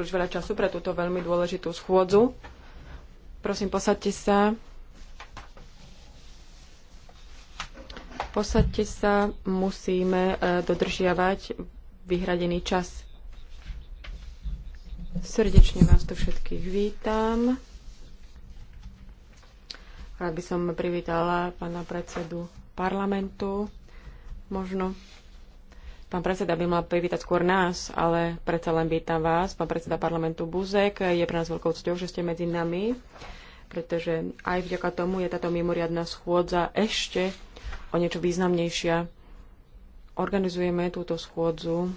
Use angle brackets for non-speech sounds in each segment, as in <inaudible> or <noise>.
príliš veľa času pre túto veľmi dôležitú schôdzu. Prosím, posaďte sa. Posaďte sa, musíme e, dodržiavať vyhradený čas. Srdečne vás tu všetkých vítam. Rád by som privítala pána predsedu parlamentu. Možno Pán predseda by mal privítať skôr nás, ale predsa len vítam vás. Pán predseda parlamentu Buzek, je pre nás veľkou cťou, že ste medzi nami, pretože aj vďaka tomu je táto mimoriadná schôdza ešte o niečo významnejšia. Organizujeme túto schôdzu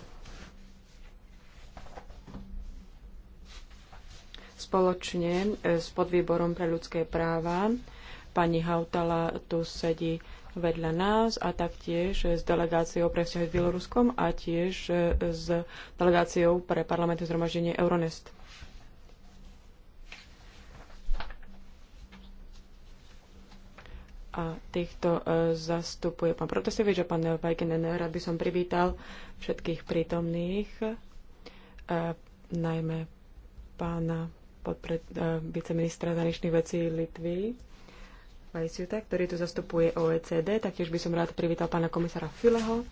spoločne eh, s podvýborom pre ľudské práva. Pani Hautala tu sedí vedľa nás a taktiež s delegáciou pre vzťahy s Bieloruskom a tiež e, s delegáciou pre parlamentné zhromaždenie Euronest. a týchto e, zastupuje pán Protasevič a pán Vajkenen. Rád by som privítal všetkých prítomných, e, najmä pána podpred, viceministra zahraničných vecí Litvy Lajsiuta, ktorý tu zastupuje OECD. Taktiež by som rád privítal pána komisára Fileho.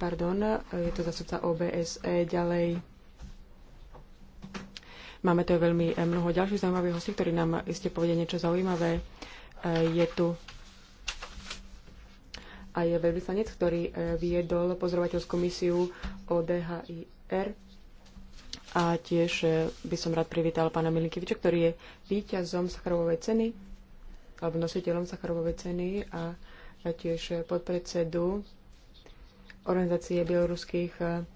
Pardon, je to zastupca OBSE. Ďalej máme tu veľmi mnoho ďalších zaujímavých hostí, ktorí nám iste povedia niečo zaujímavé. Je tu a je veľvyslanec, ktorý e, viedol pozorovateľskú misiu ODHIR. A tiež e, by som rád privítal pána Milinkeviča, ktorý je víťazom Sacharovovej ceny alebo nositeľom Sacharovovej ceny a tiež podpredsedu organizácie bieloruských e,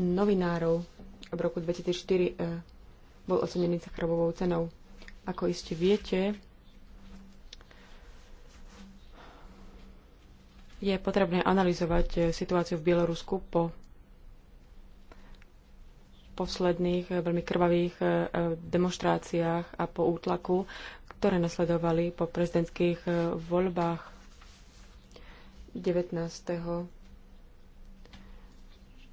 novinárov v roku 2004 e, bol ocenený Sacharovovou cenou. Ako iste viete, je potrebné analyzovať e, situáciu v Bielorusku po posledných veľmi krvavých demonstráciách a po útlaku ktoré nasledovali po prezidentských e, voľbách 19.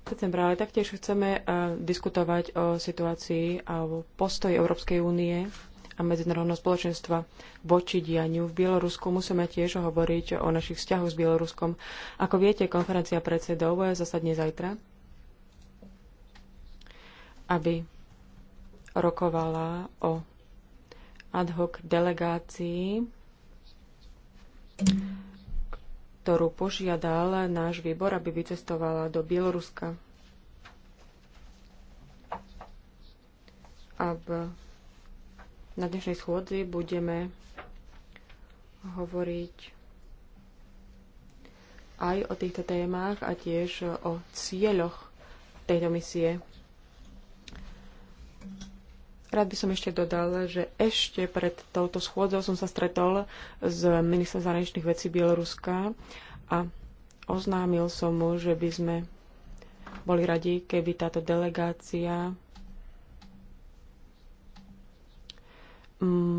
decembra. Ale taktiež chceme e, diskutovať o situácii a o postoji Európskej únie a medzinárodného spoločenstva voči dianiu v Bielorusku. Musíme tiež hovoriť o našich vzťahoch s Bieloruskom. Ako viete, konferencia predsedov zasadne zajtra, aby rokovala o ad hoc delegácii, ktorú požiadal náš výbor, aby vycestovala do Bieloruska. A v, na dnešnej schôdzi budeme hovoriť aj o týchto témach a tiež o cieľoch tejto misie. Rád by som ešte dodal, že ešte pred touto schôdzou som sa stretol s ministrom zahraničných vecí Bieloruska a oznámil som mu, že by sme boli radi, keby táto delegácia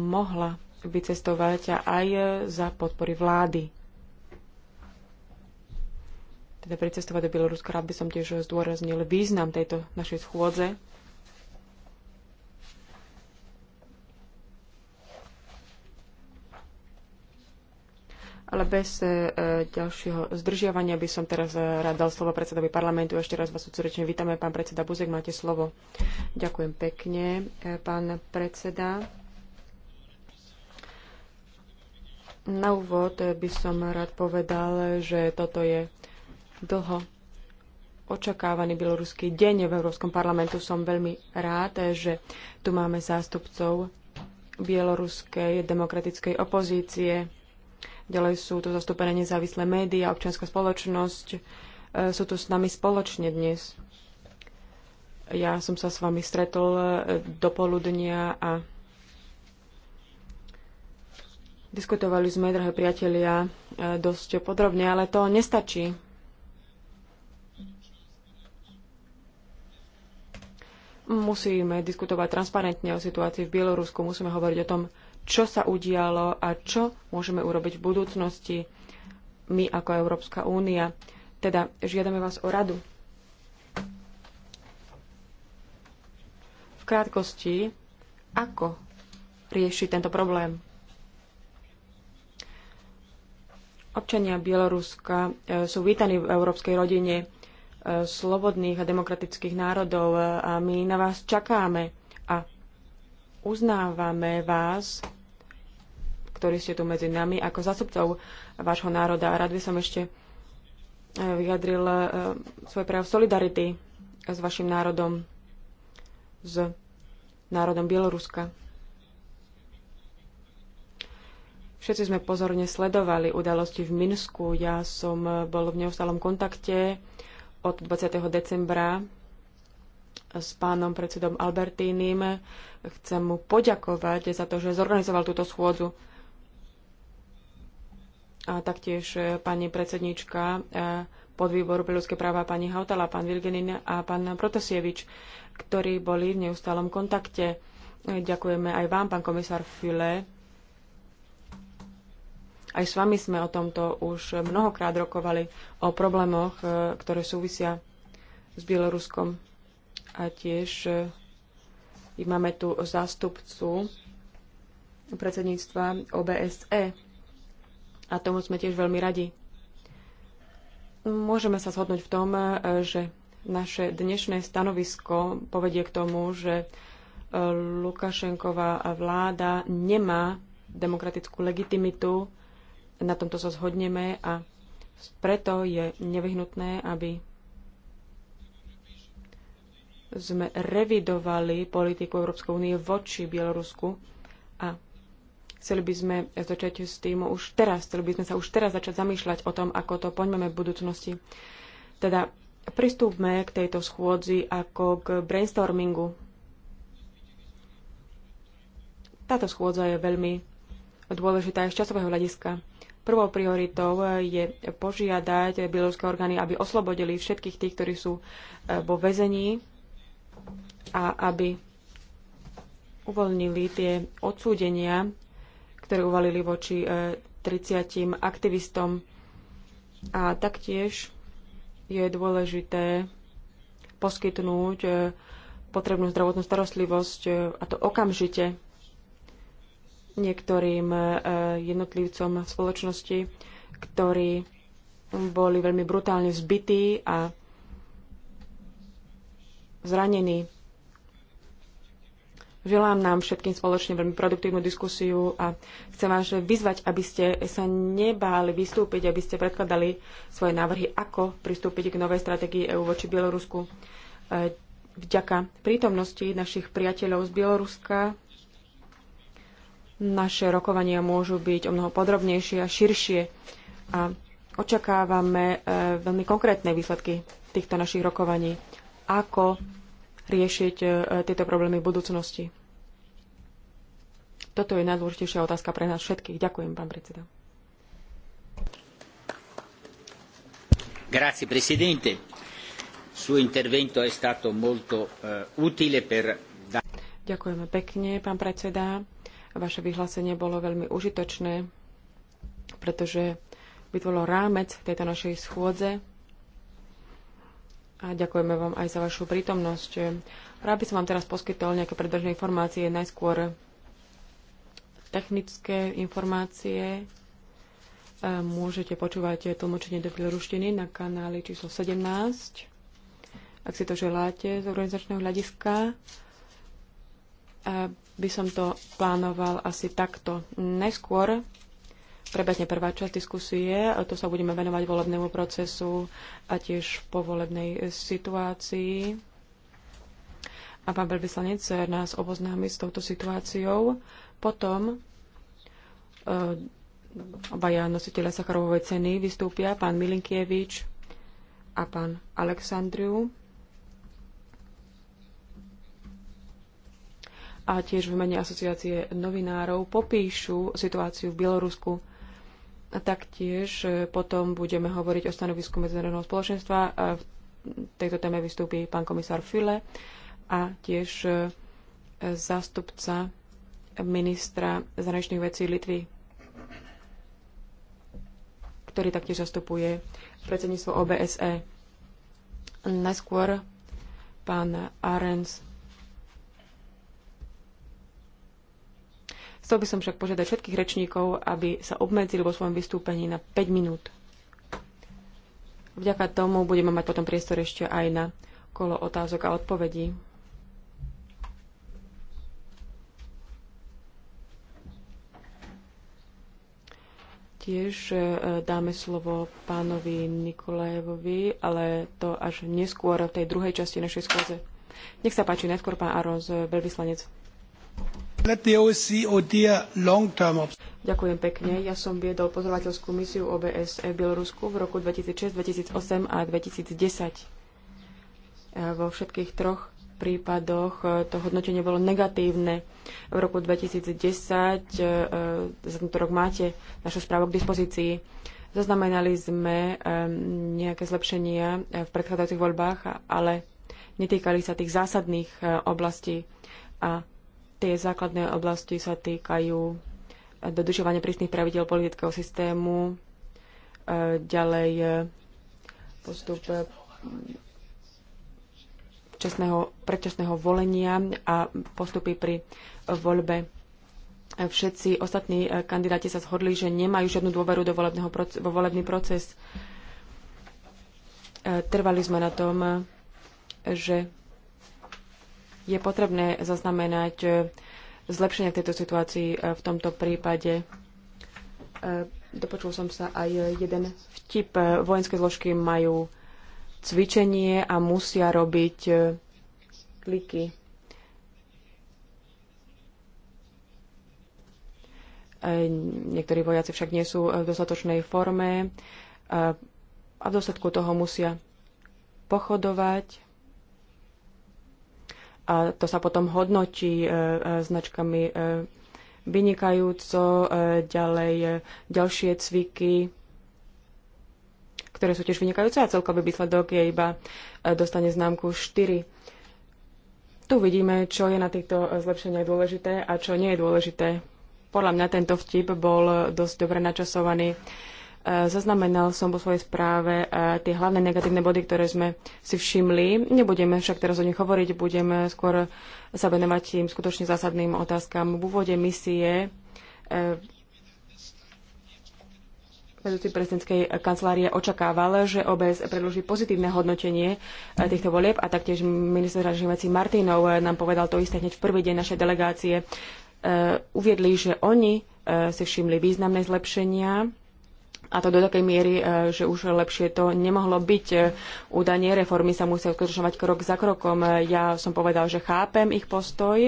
mohla vycestovať aj za podpory vlády. Teda pricestovať do Bieloruska. Rád by som tiež zdôraznil význam tejto našej schôdze Ale bez e, ďalšieho zdržiavania by som teraz e, rád dal slovo predsedovi parlamentu. Ešte raz vás srdečne vítame. Pán predseda Buzek, máte slovo. Ďakujem pekne, e, pán predseda. Na úvod by som rád povedal, že toto je dlho očakávaný bieloruský deň v Európskom parlamentu. Som veľmi rád, že tu máme zástupcov bieloruskej demokratickej opozície. Ďalej sú tu zastúpené nezávislé médiá, občianská spoločnosť. E, sú tu s nami spoločne dnes. Ja som sa s vami stretol e, do poludnia a diskutovali sme, drahé priatelia, e, dosť podrobne, ale to nestačí. Musíme diskutovať transparentne o situácii v Bielorusku, musíme hovoriť o tom, čo sa udialo a čo môžeme urobiť v budúcnosti my ako Európska únia. Teda žiadame vás o radu. V krátkosti, ako riešiť tento problém? Občania Bieloruska e, sú vítaní v európskej rodine e, slobodných a demokratických národov e, a my na vás čakáme a uznávame vás ktorí ste tu medzi nami ako zástupcov vášho národa. A rád by som ešte e, vyjadril e, svoj prejav solidarity s vašim národom, s národom Bieloruska. Všetci sme pozorne sledovali udalosti v Minsku. Ja som bol v neustálom kontakte od 20. decembra s pánom predsedom Albertínim. Chcem mu poďakovať za to, že zorganizoval túto schôdzu a taktiež e, pani predsednička e, podvýboru pre ľudské práva pani Hautala, pán Vilgenin a pán Protasevič, ktorí boli v neustálom kontakte. E, ďakujeme aj vám, pán komisár File. Aj s vami sme o tomto už mnohokrát rokovali, o problémoch, ktoré súvisia s Bieloruskom. A tiež máme tu zástupcu predsedníctva OBSE a tomu sme tiež veľmi radi. Môžeme sa zhodnúť v tom, že naše dnešné stanovisko povedie k tomu, že e, Lukašenková vláda nemá demokratickú legitimitu. Na tomto sa zhodneme a preto je nevyhnutné, aby sme revidovali politiku Európskej únie voči Bielorusku a Chceli by sme začať s tým už teraz, chceli by sme sa už teraz začať zamýšľať o tom, ako to poňmeme v budúcnosti. Teda pristúpme k tejto schôdzi ako k brainstormingu. Táto schôdza je veľmi dôležitá aj z časového hľadiska. Prvou prioritou je požiadať bieloruské orgány, aby oslobodili všetkých tých, ktorí sú e, vo väzení a aby uvoľnili tie odsúdenia ktoré uvalili voči 30 e, aktivistom. A taktiež je dôležité poskytnúť e, potrebnú zdravotnú starostlivosť, e, a to okamžite niektorým jednotlivcom v spoločnosti, ktorí boli veľmi brutálne zbytí a zranení. Želám nám všetkým spoločne veľmi produktívnu diskusiu a chcem vás vyzvať, aby ste sa nebáli vystúpiť, aby ste predkladali svoje návrhy, ako pristúpiť k novej stratégii EÚ voči Bielorusku. E, vďaka prítomnosti našich priateľov z Bieloruska naše rokovania môžu byť o mnoho podrobnejšie a širšie a očakávame e, veľmi konkrétne výsledky týchto našich rokovaní, ako riešiť e, tieto problémy v budúcnosti? Toto je najdôležitejšia otázka pre nás všetkých. Ďakujem, pán predseda. Grazie, presidente. Suo intervento è stato molto uh, utile per... Ďakujeme pekne, pán predseda. Vaše vyhlásenie bolo veľmi užitočné, pretože vytvorilo rámec tejto našej schôdze a ďakujeme vám aj za vašu prítomnosť. Rád by som vám teraz poskytol nejaké predbežné informácie, najskôr technické informácie. E, môžete počúvať tlmočenie do bieloruštiny na kanáli číslo 17, ak si to želáte z organizačného hľadiska. E, by som to plánoval asi takto. Najskôr prebehne prvá časť diskusie, a tu sa budeme venovať volebnému procesu a tiež povolebnej situácii. A pán veľvyslanec nás oboznámi s touto situáciou. Potom eh, obaja nositeľa Sacharovovej ceny vystúpia, pán Milinkievič a pán Aleksandriu. A tiež v mene asociácie novinárov popíšu situáciu v Bielorusku a taktiež e, potom budeme hovoriť o stanovisku medzinárodného spoločenstva. V tejto téme vystúpi pán komisár File a tiež e, zástupca ministra zahraničných vecí Litvy, ktorý taktiež zastupuje predsedníctvo OBSE. Najskôr pán Arens Chcel by som však požiadať všetkých rečníkov, aby sa obmedzili vo svojom vystúpení na 5 minút. Vďaka tomu budeme mať potom priestor ešte aj na kolo otázok a odpovedí. Tiež e, dáme slovo pánovi Nikolajevovi, ale to až neskôr v tej druhej časti našej skôze. Nech sa páči, najskôr pán Aroz, e, veľvyslanec. Ďakujem pekne. Ja som viedol pozorovateľskú misiu OBSE v Bielorusku v roku 2006, 2008 a 2010. E, vo všetkých troch prípadoch e, to hodnotenie bolo negatívne. V roku 2010, e, za tento rok máte našu správu k dispozícii, zaznamenali sme nejaké zlepšenia v predchádzajúcich voľbách, ale netýkali sa tých zásadných oblastí a Tie základné oblasti sa týkajú dodržovania prísnych pravidel politického systému, e, ďalej e, postup včasného, e, predčasného volenia a postupy pri voľbe. Všetci ostatní kandidáti sa zhodli, že nemajú žiadnu dôveru do volebného vo volebný proces. Trvali sme na tom, že je potrebné zaznamenať e, zlepšenie tejto situácii e, v tomto prípade. E, dopočul som sa aj jeden vtip. Vojenské zložky majú cvičenie a musia robiť kliky. Niektorí vojaci však nie sú v dostatočnej forme a v dôsledku toho musia pochodovať a to sa potom hodnotí e, e, značkami e, vynikajúco, ďalej ďalšie cviky, ktoré sú tiež vynikajúce a celkový výsledok je iba dostane známku 4. Tu vidíme, čo je na týchto zlepšeniach dôležité a čo nie je dôležité. Podľa mňa tento vtip bol dosť dobre načasovaný. Uh, E, zaznamenal som vo svojej správe e, tie hlavné negatívne body, ktoré sme si všimli. Nebudeme však teraz o nich hovoriť, budeme skôr sa venovať tým skutočne zásadným otázkam. V úvode misie e, vedúci prezidentskej kancelárie očakával, že OBS predloží pozitívne hodnotenie týchto volieb a taktiež minister zahraničných vecí Martinov nám povedal to isté hneď v prvý deň našej delegácie. Uviedli, že oni si všimli významné zlepšenia a to do takej miery, e, že už lepšie to nemohlo byť. E, Údanie reformy sa musia uskutočňovať krok za krokom. E, ja som povedal, že chápem ich postoj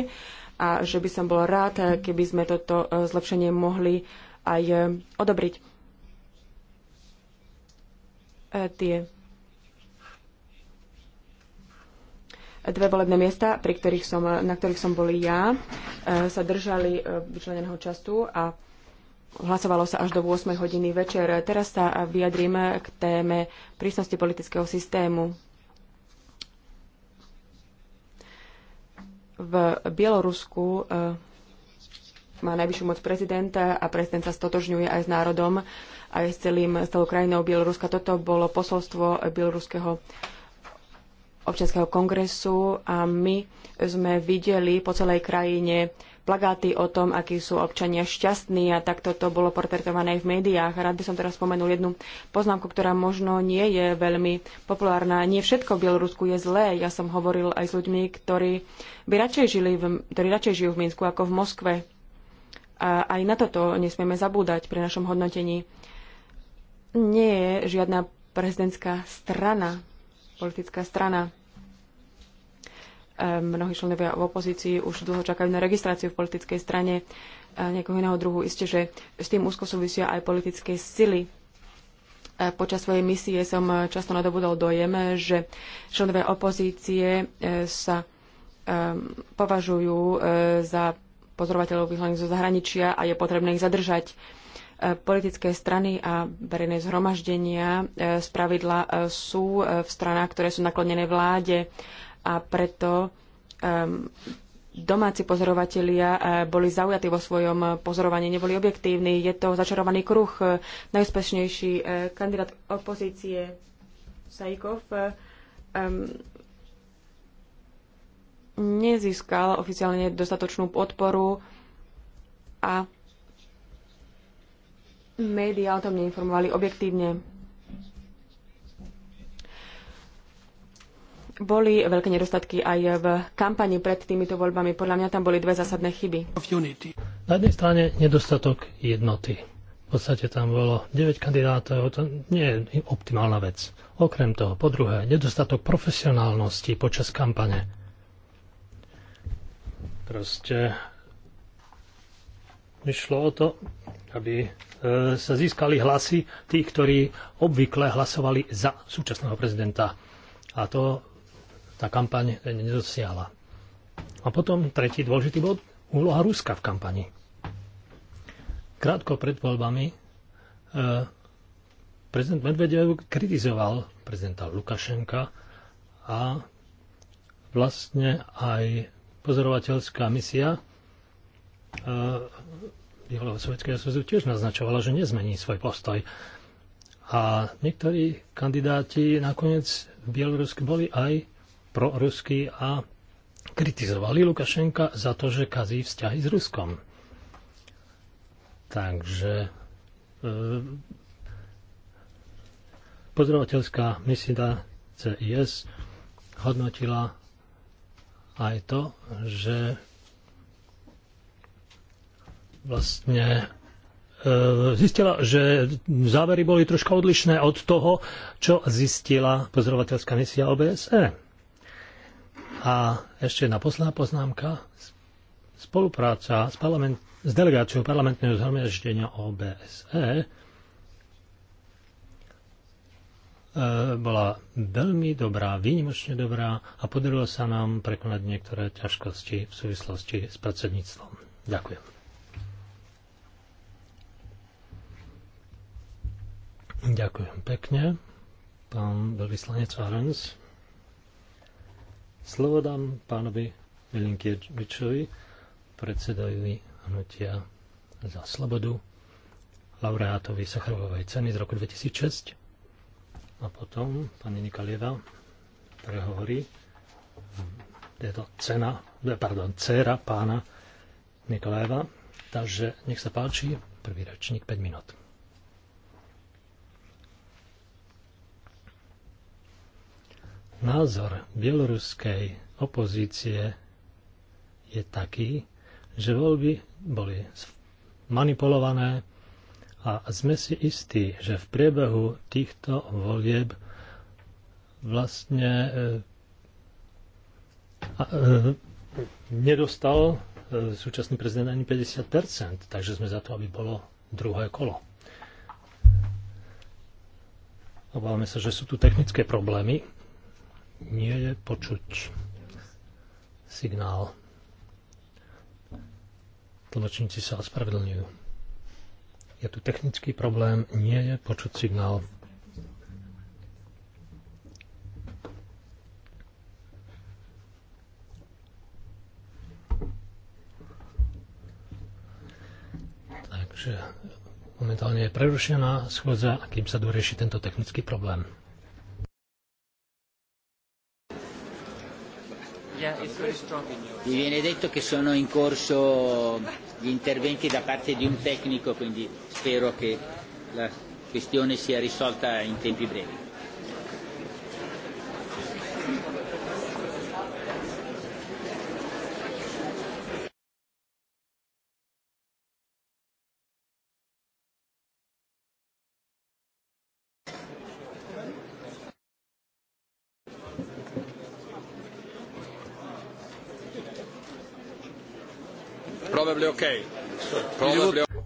a že by som bol rád, keby sme toto zlepšenie mohli aj odobriť. Tie dve volebné miesta, pri ktorých som, na ktorých som boli ja, sa držali vyčleneného času a Hlasovalo sa až do 8 hodiny večer. Teraz sa vyjadrím k téme prísnosti politického systému. V Bielorusku eh, má najvyššiu moc prezidenta a prezident sa stotožňuje aj s národom, aj s celým s celou krajinou Bieloruska. Toto bolo posolstvo Bieloruského občanského kongresu a my sme videli po celej krajine plagáty o tom, akí sú občania šťastní a takto to bolo portretované aj v médiách. Rád by som teraz spomenul jednu poznámku, ktorá možno nie je veľmi populárna. Nie všetko v Bielorusku je zlé. Ja som hovoril aj s ľuďmi, ktorí by radšej žili, v, ktorí radšej žijú v Minsku ako v Moskve. A aj na toto nesmieme zabúdať pri našom hodnotení. Nie je žiadna prezidentská strana, politická strana, mnohí členovia v opozícii už dlho čakajú na registráciu v politickej strane eh, nejakého iného druhu. Isté, že s tým úzko súvisia aj politické sily. Eh, počas svojej misie som eh, často nadobudol dojem, že členovia opozície sa považujú za pozorovateľov vyhľadných zo zahraničia a je potrebné ich zadržať. Politické strany a verejné zhromaždenia spravidla sú v stranách, ktoré sú naklonené vláde a preto um, domáci pozorovatelia eh, boli zaujatí vo svojom pozorovaní, neboli objektívni. Je to začarovaný kruh. Najúspešnejší eh, kandidát opozície Sajkov um, eh, ehm, nezískal oficiálne dostatočnú podporu a médiá o tom neinformovali objektívne. Boli veľké nedostatky aj v kampani pred týmito voľbami. Podľa mňa tam boli dve zásadné chyby. Na jednej strane nedostatok jednoty. V podstate tam bolo 9 kandidátov, to nie je optimálna vec. Okrem toho, po druhé, nedostatok profesionálnosti počas kampane. Proste išlo o to, aby e, sa získali hlasy tých, ktorí obvykle hlasovali za súčasného prezidenta. A to tá kampaň nedosiahla. A potom tretí dôležitý bod, úloha Ruska v kampani. Krátko pred voľbami e, prezident Medvedev kritizoval prezidenta Lukašenka a vlastne aj pozorovateľská misia bývalého e, Sovjetského zväzu tiež naznačovala, že nezmení svoj postoj. A niektorí kandidáti nakoniec v Bielorusku boli aj proruský a kritizovali Lukašenka za to, že kazí vzťahy s Ruskom. Takže e, pozorovateľská misida CIS hodnotila aj to, že vlastne e, zistila, že závery boli troška odlišné od toho, čo zistila pozorovateľská misia OBSE. A ešte jedna posledná poznámka. Spolupráca s, parlament, s delegáciou parlamentného zhromaždenia OBSE e, bola veľmi dobrá, výnimočne dobrá a podarilo sa nám prekonať niektoré ťažkosti v súvislosti s predsedníctvom. Ďakujem. Ďakujem pekne, pán veľvyslanec Arens. Slovo dám pánovi Milinkievičovi, predsedovi hnutia za slobodu, laureátovi Sacharovovej ceny z roku 2006. A potom pani Nikalieva prehovorí tejto teda cena, pardon, dcera pána Nikolajeva. Takže nech sa páči, prvý ročník, 5 minút. Názor bieloruskej opozície je taký, že voľby boli manipulované a sme si istí, že v priebehu týchto volieb vlastne e, e, nedostal e, súčasný prezident ani 50%, takže sme za to, aby bolo druhé kolo. Obávame sa, že sú tu technické problémy nie je počuť signál. Tlmočníci sa ospravedlňujú. Je tu technický problém, nie je počuť signál. Takže momentálne je prerušená schôdza, akým sa dorieši tento technický problém. Mi viene detto che sono in corso gli interventi da parte di un tecnico, quindi spero che la questione sia risolta in tempi brevi.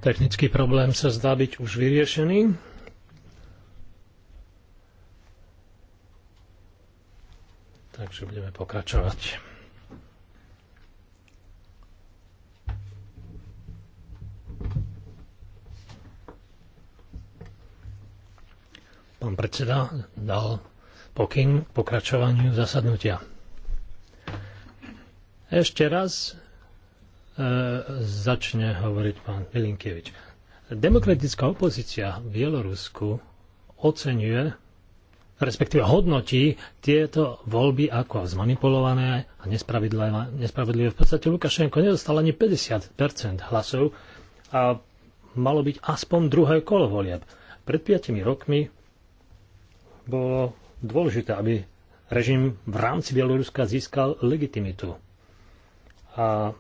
Technický problém sa zdá byť už vyriešený. Takže budeme pokračovať. Pán predseda dal pokyn k pokračovaniu zasadnutia. Ešte raz E, začne hovoriť pán Pilinkevič. Demokratická opozícia v Bielorusku oceňuje, respektíve hodnotí tieto voľby ako zmanipulované a nespravedlivé. V podstate Lukašenko nedostal ani 50 hlasov a malo byť aspoň druhé kolo volieb. Pred 5 rokmi bolo dôležité, aby režim v rámci Bieloruska získal legitimitu. A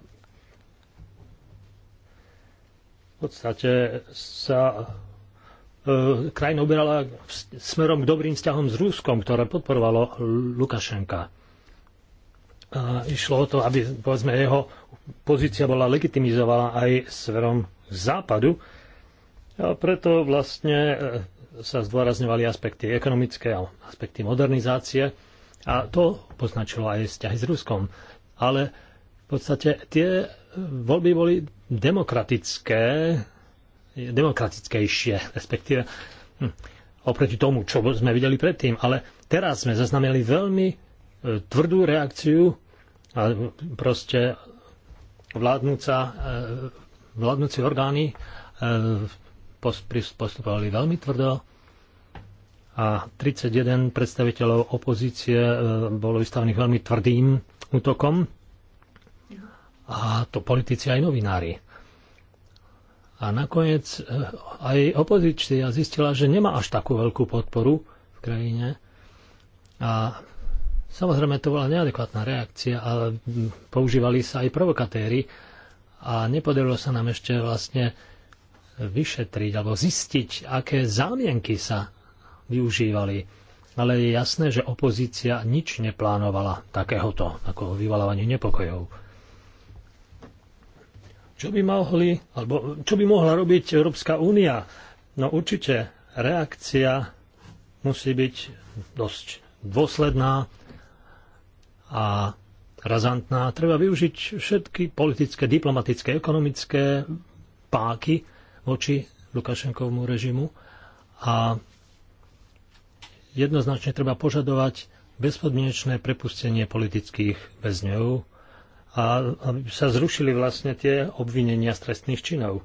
podstate sa e, krajina uberala smerom k dobrým vzťahom s Ruskom, ktoré podporovalo Lukašenka. E, išlo o to, aby povedzme, jeho pozícia bola legitimizovaná aj smerom k západu. A preto vlastne e, sa zdôrazňovali aspekty ekonomické a aspekty modernizácie a to poznačilo aj vzťahy s Ruskom. Ale v podstate tie voľby boli demokratické, demokratickejšie, respektíve hm, oproti tomu, čo sme videli predtým. Ale teraz sme zaznamenali veľmi e, tvrdú reakciu a proste vládnúca, e, vládnúci orgány e, postupovali veľmi tvrdo a 31 predstaviteľov opozície bolo vystavených veľmi tvrdým útokom a to politici aj novinári. A nakoniec eh, aj opozícia zistila, že nemá až takú veľkú podporu v krajine. A samozrejme to bola neadekvátna reakcia, ale používali sa aj provokatéry a nepodarilo sa nám ešte vlastne vyšetriť alebo zistiť, aké zámienky sa využívali. Ale je jasné, že opozícia nič neplánovala takéhoto, ako vyvalávanie nepokojov. Čo by, mohli, alebo čo by mohla robiť Európska únia? No určite reakcia musí byť dosť dôsledná a razantná. Treba využiť všetky politické, diplomatické, ekonomické páky voči Lukašenkovmu režimu a jednoznačne treba požadovať bezpodmienečné prepustenie politických väzňov a aby sa zrušili vlastne tie obvinenia z trestných činov.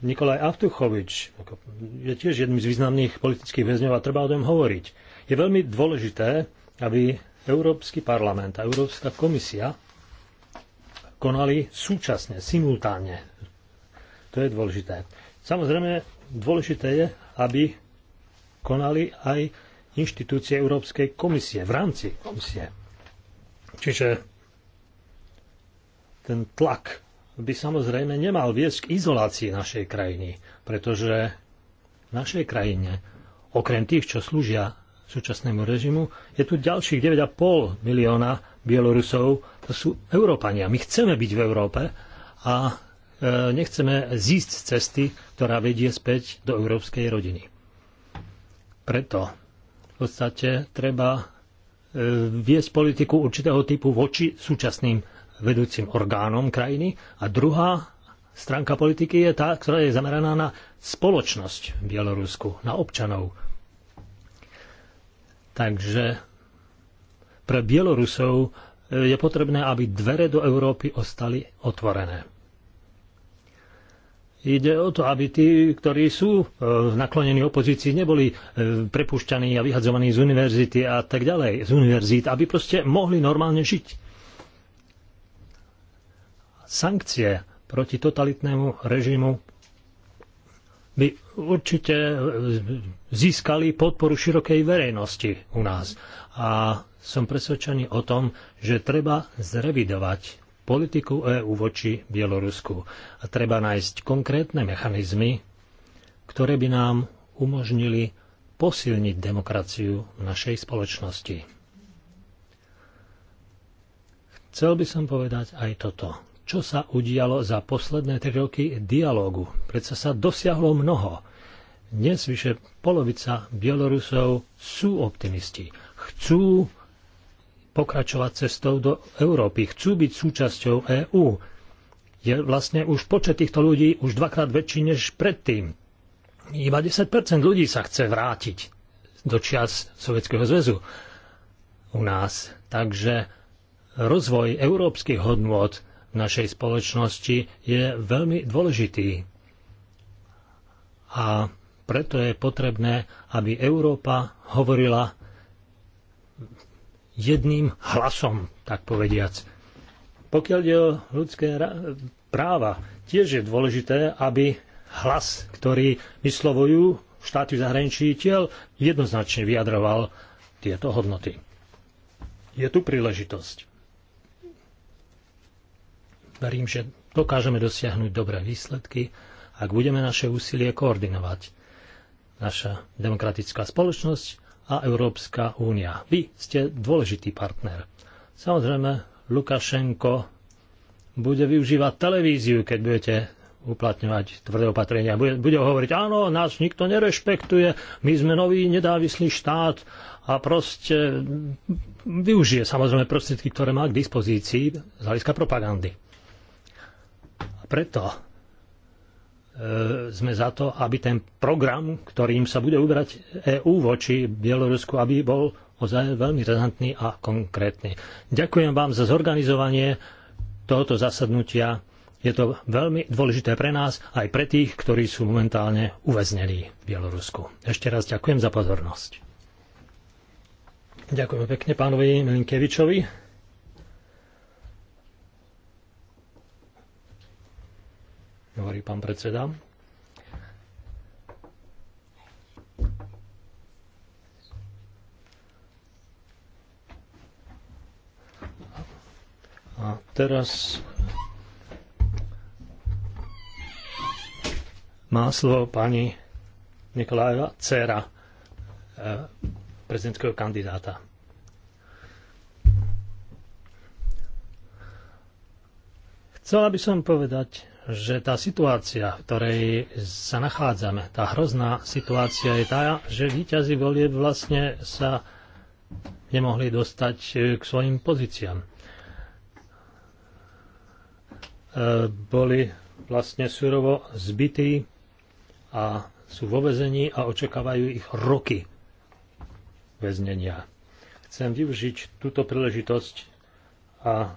Nikolaj Avtuchovič je tiež jedným z významných politických väzňov a treba o tom hovoriť. Je veľmi dôležité, aby Európsky parlament a Európska komisia konali súčasne, simultánne. To je dôležité. Samozrejme, dôležité je, aby konali aj inštitúcie Európskej komisie, v rámci komisie. Čiže ten tlak by samozrejme nemal viesť k izolácii našej krajiny, pretože v našej krajine, okrem tých, čo slúžia súčasnému režimu, je tu ďalších 9,5 milióna Bielorusov. To sú Európania. My chceme byť v Európe a e, nechceme zísť z cesty, ktorá vedie späť do európskej rodiny. Preto v podstate treba e, viesť politiku určitého typu voči súčasným vedúcim orgánom krajiny a druhá stránka politiky je tá, ktorá je zameraná na spoločnosť Bielorusku, na občanov. Takže pre Bielorusov eh, je potrebné, aby dvere do Európy ostali otvorené. Ide o to, aby tí, ktorí sú eh, naklonení opozícii, neboli eh, prepušťaní a vyhadzovaní z univerzity a tak ďalej, z univerzít, aby proste mohli normálne žiť sankcie proti totalitnému režimu by určite získali podporu širokej verejnosti u nás. A som presvedčený o tom, že treba zrevidovať politiku EÚ voči Bielorusku a treba nájsť konkrétne mechanizmy, ktoré by nám umožnili posilniť demokraciu v našej spoločnosti. Chcel by som povedať aj toto čo sa udialo za posledné tri roky dialógu. Predsa sa dosiahlo mnoho. Dnes vyše polovica Bielorusov sú optimisti. Chcú pokračovať cestou do Európy. Chcú byť súčasťou EÚ. Je vlastne už počet týchto ľudí už dvakrát väčší než predtým. Iba 10% ľudí sa chce vrátiť do čias Sovjetského zväzu u nás. Takže rozvoj európskych hodnôt našej spoločnosti je veľmi dôležitý. A preto je potrebné, aby Európa hovorila jedným hlasom, tak povediac. Pokiaľ ide o ľudské práva, tiež je dôležité, aby hlas, ktorý vyslovujú štáty zahraničí tiel, jednoznačne vyjadroval tieto hodnoty. Je tu príležitosť verím, že dokážeme dosiahnuť dobré výsledky, ak budeme naše úsilie koordinovať. Naša demokratická spoločnosť a Európska únia. Vy ste dôležitý partner. Samozrejme, Lukašenko bude využívať televíziu, keď budete uplatňovať tvrdé opatrenia. Bude, bude hovoriť, áno, nás nikto nerešpektuje, my sme nový nedávislý štát a proste využije samozrejme prostriedky, ktoré má k dispozícii z hľadiska propagandy preto e, sme za to, aby ten program, ktorým sa bude uberať EÚ voči Bielorusku, aby bol ozaj veľmi rezantný a konkrétny. Ďakujem vám za zorganizovanie tohoto zasadnutia. Je to veľmi dôležité pre nás, aj pre tých, ktorí sú momentálne uväznení v Bielorusku. Ešte raz ďakujem za pozornosť. Ďakujem pekne pánovi Milinkevičovi. hovorí pán predseda. A teraz má slovo pani Nikolajeva, dcera eh, prezidentského kandidáta. Chcela by som povedať že tá situácia, v ktorej sa nachádzame, tá hrozná situácia je tá, že výťazi volie vlastne sa nemohli dostať e, k svojim pozíciám. E, boli vlastne surovo zbytí a sú vo vezení a očakávajú ich roky väznenia. Chcem využiť túto príležitosť a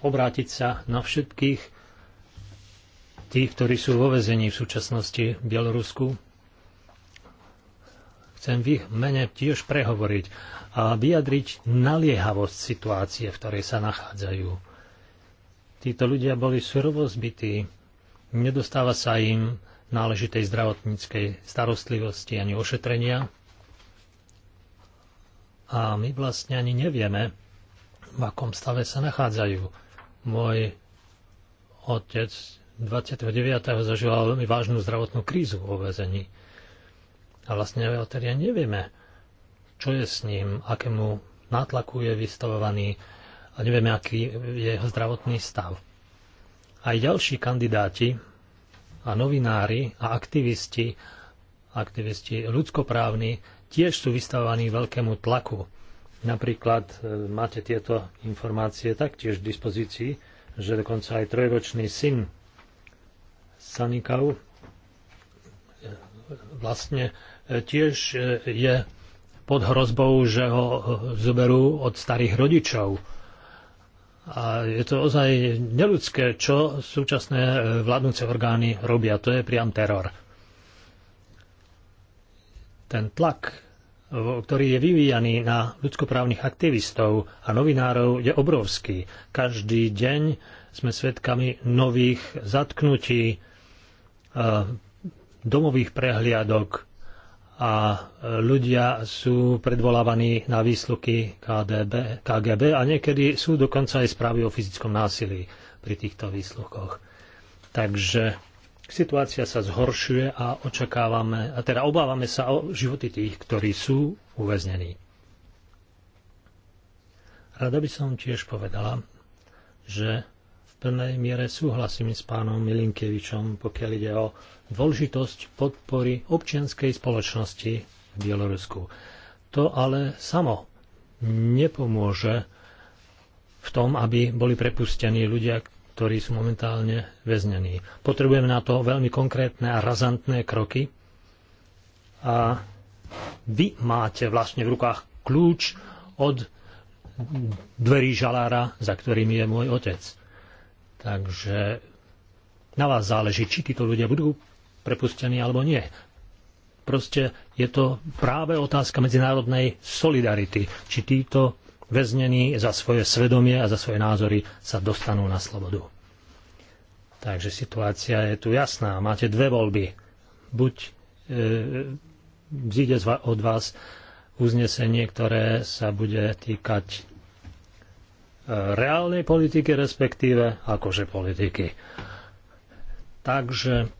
obrátiť sa na všetkých tých, ktorí sú vo vezení v súčasnosti v Bielorusku. Chcem v ich mene tiež prehovoriť a vyjadriť naliehavosť situácie, v ktorej sa nachádzajú. Títo ľudia boli surovo zbytí, nedostáva sa im náležitej zdravotníckej starostlivosti ani ošetrenia. A my vlastne ani nevieme, v akom stave sa nachádzajú. Môj otec 29. zažíval veľmi vážnu zdravotnú krízu vo väzení. A vlastne teda nevieme, čo je s ním, akému nátlaku je vystavovaný a nevieme, aký je jeho zdravotný stav. Aj ďalší kandidáti a novinári a aktivisti, aktivisti ľudskoprávni, tiež sú vystavovaní veľkému tlaku Napríklad e, máte tieto informácie taktiež k dispozícii, že dokonca aj trojročný syn Sanikau e, vlastne e, tiež je pod hrozbou, že ho zoberú od starých rodičov. A je to ozaj neludské, čo súčasné vládnúce orgány robia. To je priam teror. Ten tlak ktorý je vyvíjaný na ľudskoprávnych aktivistov a novinárov, je obrovský. Každý deň sme svedkami nových zatknutí, e, domových prehliadok a e, ľudia sú predvolávaní na výsluky KDB, KGB a niekedy sú dokonca aj správy o fyzickom násilí pri týchto výsluchoch. Takže Situácia sa zhoršuje a očakávame, a teda obávame sa o životy tých, ktorí sú uväznení. Rada by som tiež povedala, že v plnej miere súhlasím s pánom Milinkievičom, pokiaľ ide o dôležitosť podpory občianskej spoločnosti v Bielorusku. To ale samo nepomôže v tom, aby boli prepustení ľudia, ktorí sú momentálne väznení. Potrebujeme na to veľmi konkrétne a razantné kroky. A vy máte vlastne v rukách kľúč od dverí žalára, za ktorými je môj otec. Takže na vás záleží, či títo ľudia budú prepustení alebo nie proste je to práve otázka medzinárodnej solidarity, či títo väznení za svoje svedomie a za svoje názory sa dostanú na slobodu. Takže situácia je tu jasná. Máte dve voľby. Buď e, zíde od vás uznesenie, ktoré sa bude týkať e, reálnej politiky, respektíve akože politiky. Takže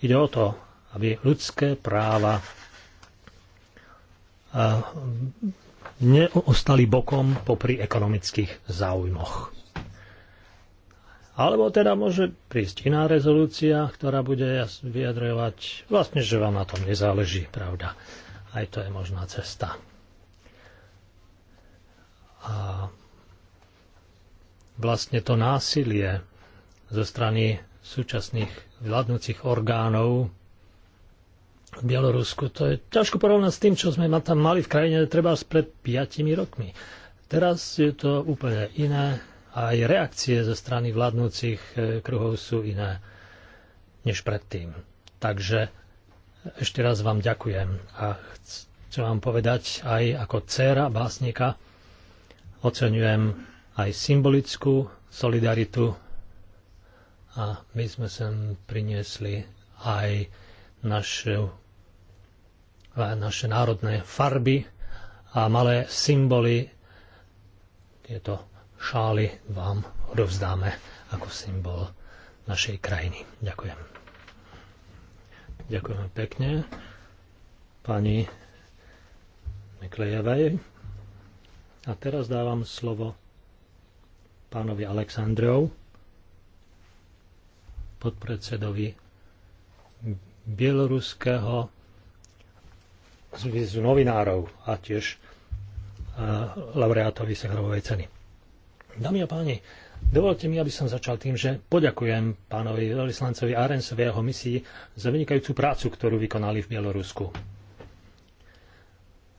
ide o to, aby ľudské práva neostali bokom popri ekonomických záujmoch. Alebo teda môže prísť iná rezolúcia, ktorá bude vyjadrovať vlastne, že vám na tom nezáleží, pravda. Aj to je možná cesta. A vlastne to násilie zo strany súčasných vládnúcich orgánov v Bielorusku. To je ťažko porovnať s tým, čo sme tam mali v krajine treba pred 5 rokmi. Teraz je to úplne iné a aj reakcie ze strany vládnúcich e, kruhov sú iné než predtým. Takže ešte raz vám ďakujem a chcem vám povedať aj ako dcera básnika oceňujem aj symbolickú solidaritu a my sme sem priniesli aj našu naše národné farby a malé symboly. Tieto šály vám odovzdáme ako symbol našej krajiny. Ďakujem. Ďakujem pekne pani Meklejevej. A teraz dávam slovo pánovi Aleksandrov, podpredsedovi Bieloruského výzvu novinárov a tiež e, laureátovi Sacharovej ceny. Dámy a páni, dovolte mi, aby som začal tým, že poďakujem pánovi Velislancovi Arensovi a jeho misii za vynikajúcu prácu, ktorú vykonali v Bielorusku.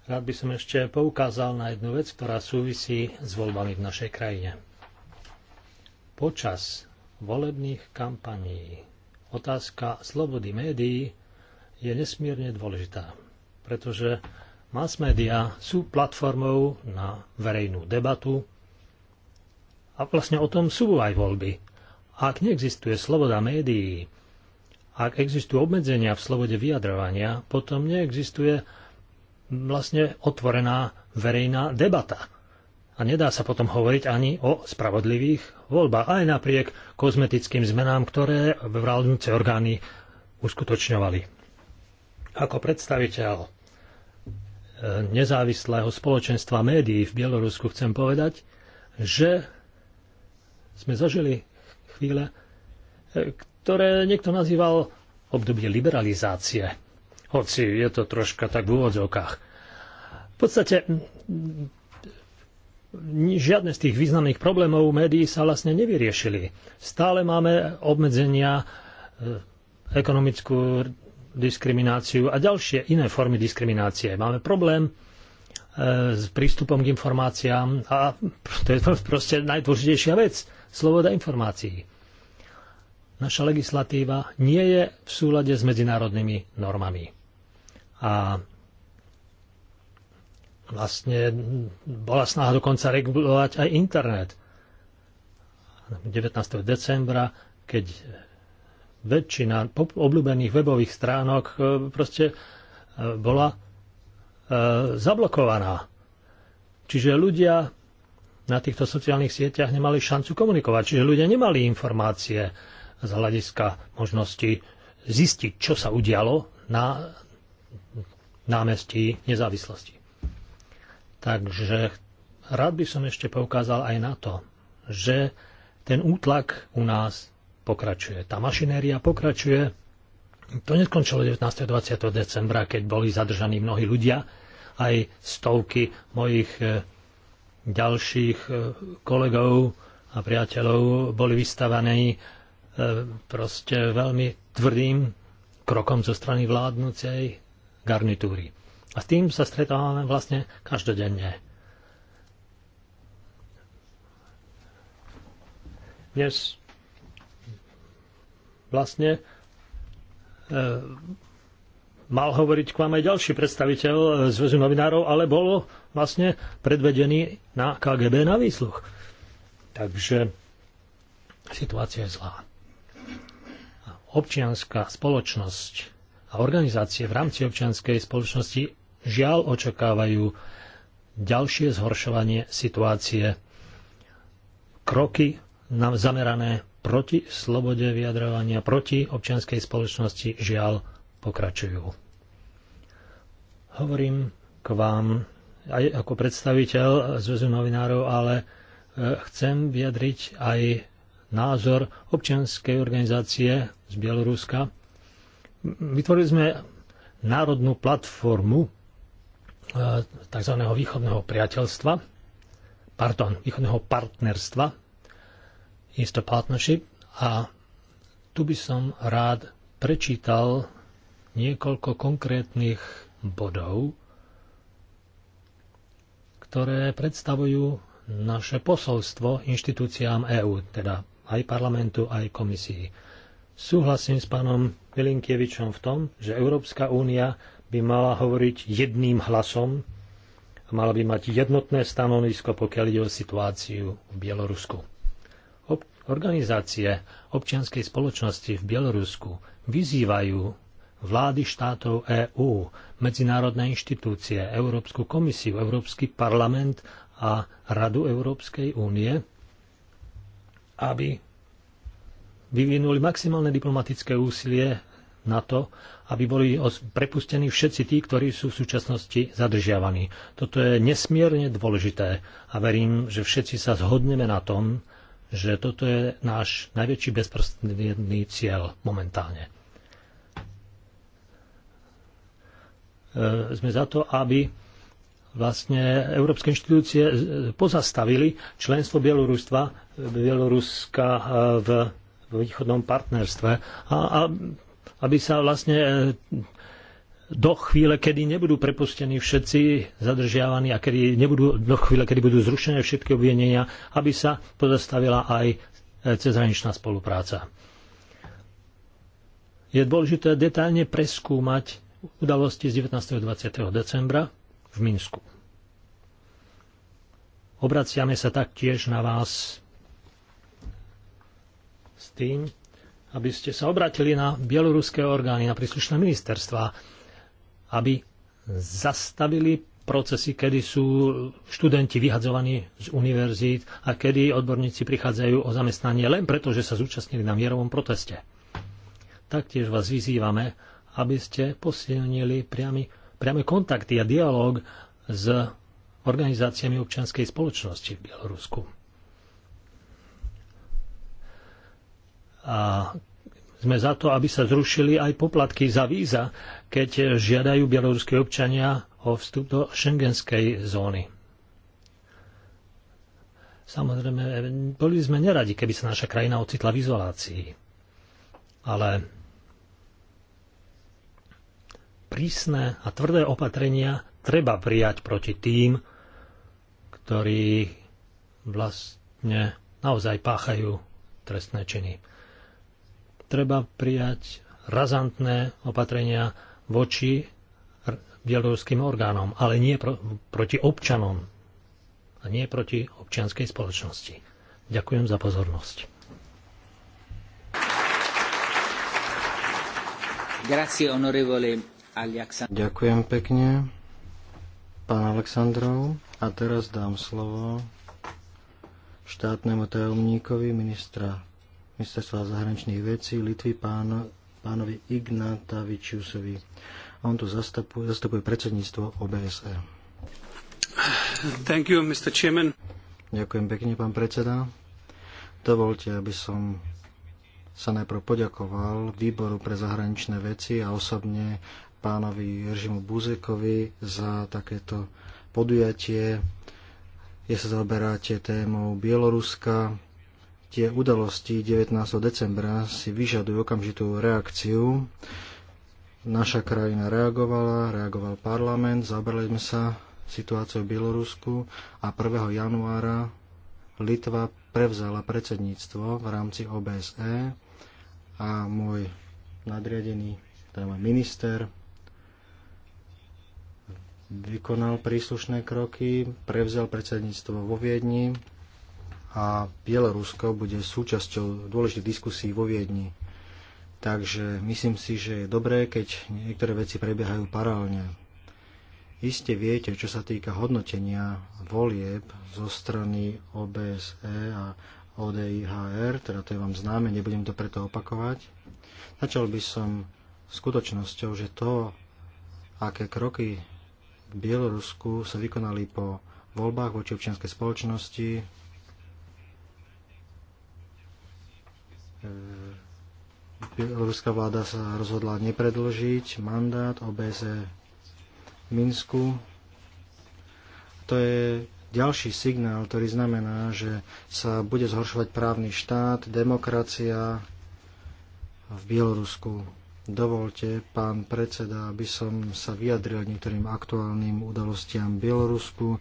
Rád by som ešte poukázal na jednu vec, ktorá súvisí s voľbami v našej krajine. Počas volebných kampaní otázka slobody médií je nesmierne dôležitá pretože mass media sú platformou na verejnú debatu a vlastne o tom sú aj voľby. Ak neexistuje sloboda médií, ak existujú obmedzenia v slobode vyjadrovania, potom neexistuje vlastne otvorená verejná debata. A nedá sa potom hovoriť ani o spravodlivých voľbách, aj napriek kozmetickým zmenám, ktoré vrádnúce orgány uskutočňovali. Ako predstaviteľ e, nezávislého spoločenstva médií v Bielorusku chcem povedať, že sme zažili chvíle, e, ktoré niekto nazýval obdobie liberalizácie. Hoci je to troška tak v úvodzovkách. V podstate žiadne z tých významných problémov médií sa vlastne nevyriešili. Stále máme obmedzenia, e, ekonomickú diskrimináciu a ďalšie iné formy diskriminácie. Máme problém e, s prístupom k informáciám a to je <laughs> proste najdôležitejšia vec, sloboda informácií. Naša legislatíva nie je v súlade s medzinárodnými normami. A vlastne bola snaha dokonca regulovať aj internet. 19. decembra, keď väčšina obľúbených webových stránok e, proste e, bola e, zablokovaná. Čiže ľudia na týchto sociálnych sieťach nemali šancu komunikovať, čiže ľudia nemali informácie z hľadiska možnosti zistiť, čo sa udialo na námestí nezávislosti. Takže rád by som ešte poukázal aj na to, že ten útlak u nás pokračuje. Tá mašinéria pokračuje. To neskončilo 19. 20. decembra, keď boli zadržaní mnohí ľudia, aj stovky mojich e, ďalších e, kolegov a priateľov boli vystavané e, proste veľmi tvrdým krokom zo strany vládnúcej garnitúry. A s tým sa stretávame vlastne každodenne. Dnes vlastne e, mal hovoriť k vám aj ďalší predstaviteľ e, zväzu novinárov, ale bol vlastne predvedený na KGB na výsluch. Takže situácia je zlá. Občianská spoločnosť a organizácie v rámci občianskej spoločnosti žiaľ očakávajú ďalšie zhoršovanie situácie, kroky zamerané proti slobode vyjadrovania, proti občianskej spoločnosti žiaľ pokračujú. Hovorím k vám aj ako predstaviteľ zväzu novinárov, ale e, chcem vyjadriť aj názor občianskej organizácie z Bieloruska. Vytvorili sme národnú platformu e, tzv. východného priateľstva, pardon, východného partnerstva Isto Partnership a tu by som rád prečítal niekoľko konkrétnych bodov, ktoré predstavujú naše posolstvo inštitúciám EÚ, teda aj parlamentu, aj komisii. Súhlasím s pánom Vilinkievičom v tom, že Európska únia by mala hovoriť jedným hlasom a mala by mať jednotné stanovisko, pokiaľ ide o situáciu v Bielorusku. Ob- organizácie občianskej spoločnosti v Bielorusku vyzývajú vlády štátov EÚ, medzinárodné inštitúcie, Európsku komisiu, Európsky parlament a Radu Európskej únie, aby vyvinuli maximálne diplomatické úsilie na to, aby boli prepustení všetci tí, ktorí sú v súčasnosti zadržiavaní. Toto je nesmierne dôležité a verím, že všetci sa zhodneme na tom, že toto je náš najväčší bezprostredný cieľ momentálne. E, sme za to, aby vlastne európske inštitúcie e, pozastavili členstvo Bieloruska, Bieloruska e, v východnom partnerstve a, a aby sa vlastne do chvíle, kedy nebudú prepustení všetci zadržiavaní a kedy nebudú, do chvíle, kedy budú zrušené všetky obvinenia, aby sa pozastavila aj e, cezhraničná spolupráca. Je dôležité detálne preskúmať udalosti z 19. a 20. decembra v Minsku. Obraciame sa taktiež na vás s tým, aby ste sa obratili na bieloruské orgány, na príslušné ministerstva, aby zastavili procesy, kedy sú študenti vyhadzovaní z univerzít a kedy odborníci prichádzajú o zamestnanie len preto, že sa zúčastnili na mierovom proteste. Taktiež vás vyzývame, aby ste posilnili priamy, priame kontakty a dialog s organizáciami občianskej spoločnosti v Bielorusku. A sme za to, aby sa zrušili aj poplatky za víza, keď žiadajú bieloruskí občania o vstup do šengenskej zóny. Samozrejme, boli sme neradi, keby sa naša krajina ocitla v izolácii. Ale prísne a tvrdé opatrenia treba prijať proti tým, ktorí vlastne naozaj páchajú trestné činy treba prijať razantné opatrenia voči bieloruským orgánom, ale nie pro, proti občanom a nie proti občianskej spoločnosti. Ďakujem za pozornosť. Ďakujem pekne, pán Aleksandrov. A teraz dám slovo štátnemu tajomníkovi ministra ministerstva zahraničných vecí Litvy pán, pánovi A On tu zastupuje, zastupuje predsedníctvo OBSE. Thank you, Mr. Chairman. Ďakujem pekne, pán predseda. Dovolte, aby som sa najprv poďakoval výboru pre zahraničné veci a osobne pánovi Jeržimu Buzekovi za takéto podujatie, kde sa zaoberáte témou Bieloruska, tie udalosti 19. decembra si vyžadujú okamžitú reakciu. Naša krajina reagovala, reagoval parlament, zabrali sme sa situáciou v Bielorusku a 1. januára Litva prevzala predsedníctvo v rámci OBSE a môj nadriadený, teda môj minister, vykonal príslušné kroky, prevzal predsedníctvo vo Viedni a Bielorusko bude súčasťou dôležitých diskusí vo Viedni. Takže myslím si, že je dobré, keď niektoré veci prebiehajú paralelne. Iste viete, čo sa týka hodnotenia volieb zo strany OBSE a ODIHR, teda to je vám známe, nebudem to preto opakovať. Začal by som skutočnosťou, že to, aké kroky v Bielorusku sa vykonali po voľbách voči občianskej spoločnosti, E, Ruská vláda sa rozhodla nepredložiť mandát OBS v e Minsku. To je ďalší signál, ktorý znamená, že sa bude zhoršovať právny štát, demokracia v Bielorusku. Dovolte, pán predseda, aby som sa vyjadril niektorým aktuálnym udalostiam Bielorusku.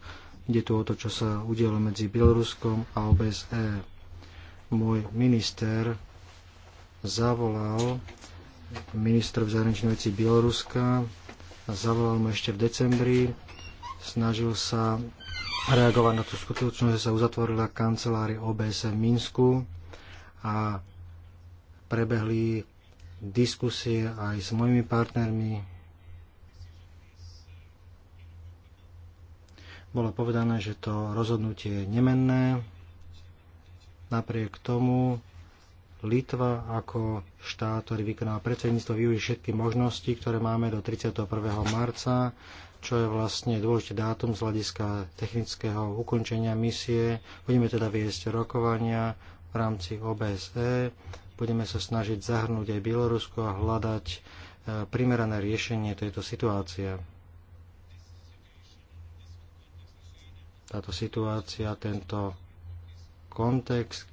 Ide tu o to, čo sa udialo medzi Bieloruskom a OBSE. Môj minister zavolal ministrov zahraničných vecí Bieloruska a zavolal mu ešte v decembri. Snažil sa reagovať na tú skutočnosť, že sa uzatvorila kancelária OBS e v Minsku a prebehli diskusie aj s mojimi partnermi. Bolo povedané, že to rozhodnutie je nemenné. Napriek tomu Litva ako štát, ktorý vykonáva predsedníctvo, využí všetky možnosti, ktoré máme do 31. marca, čo je vlastne dôležitý dátum z hľadiska technického ukončenia misie. Budeme teda viesť rokovania v rámci OBSE. Budeme sa snažiť zahrnúť aj Bielorusko a hľadať e, primerané riešenie tejto situácie. Táto situácia, tento kontext,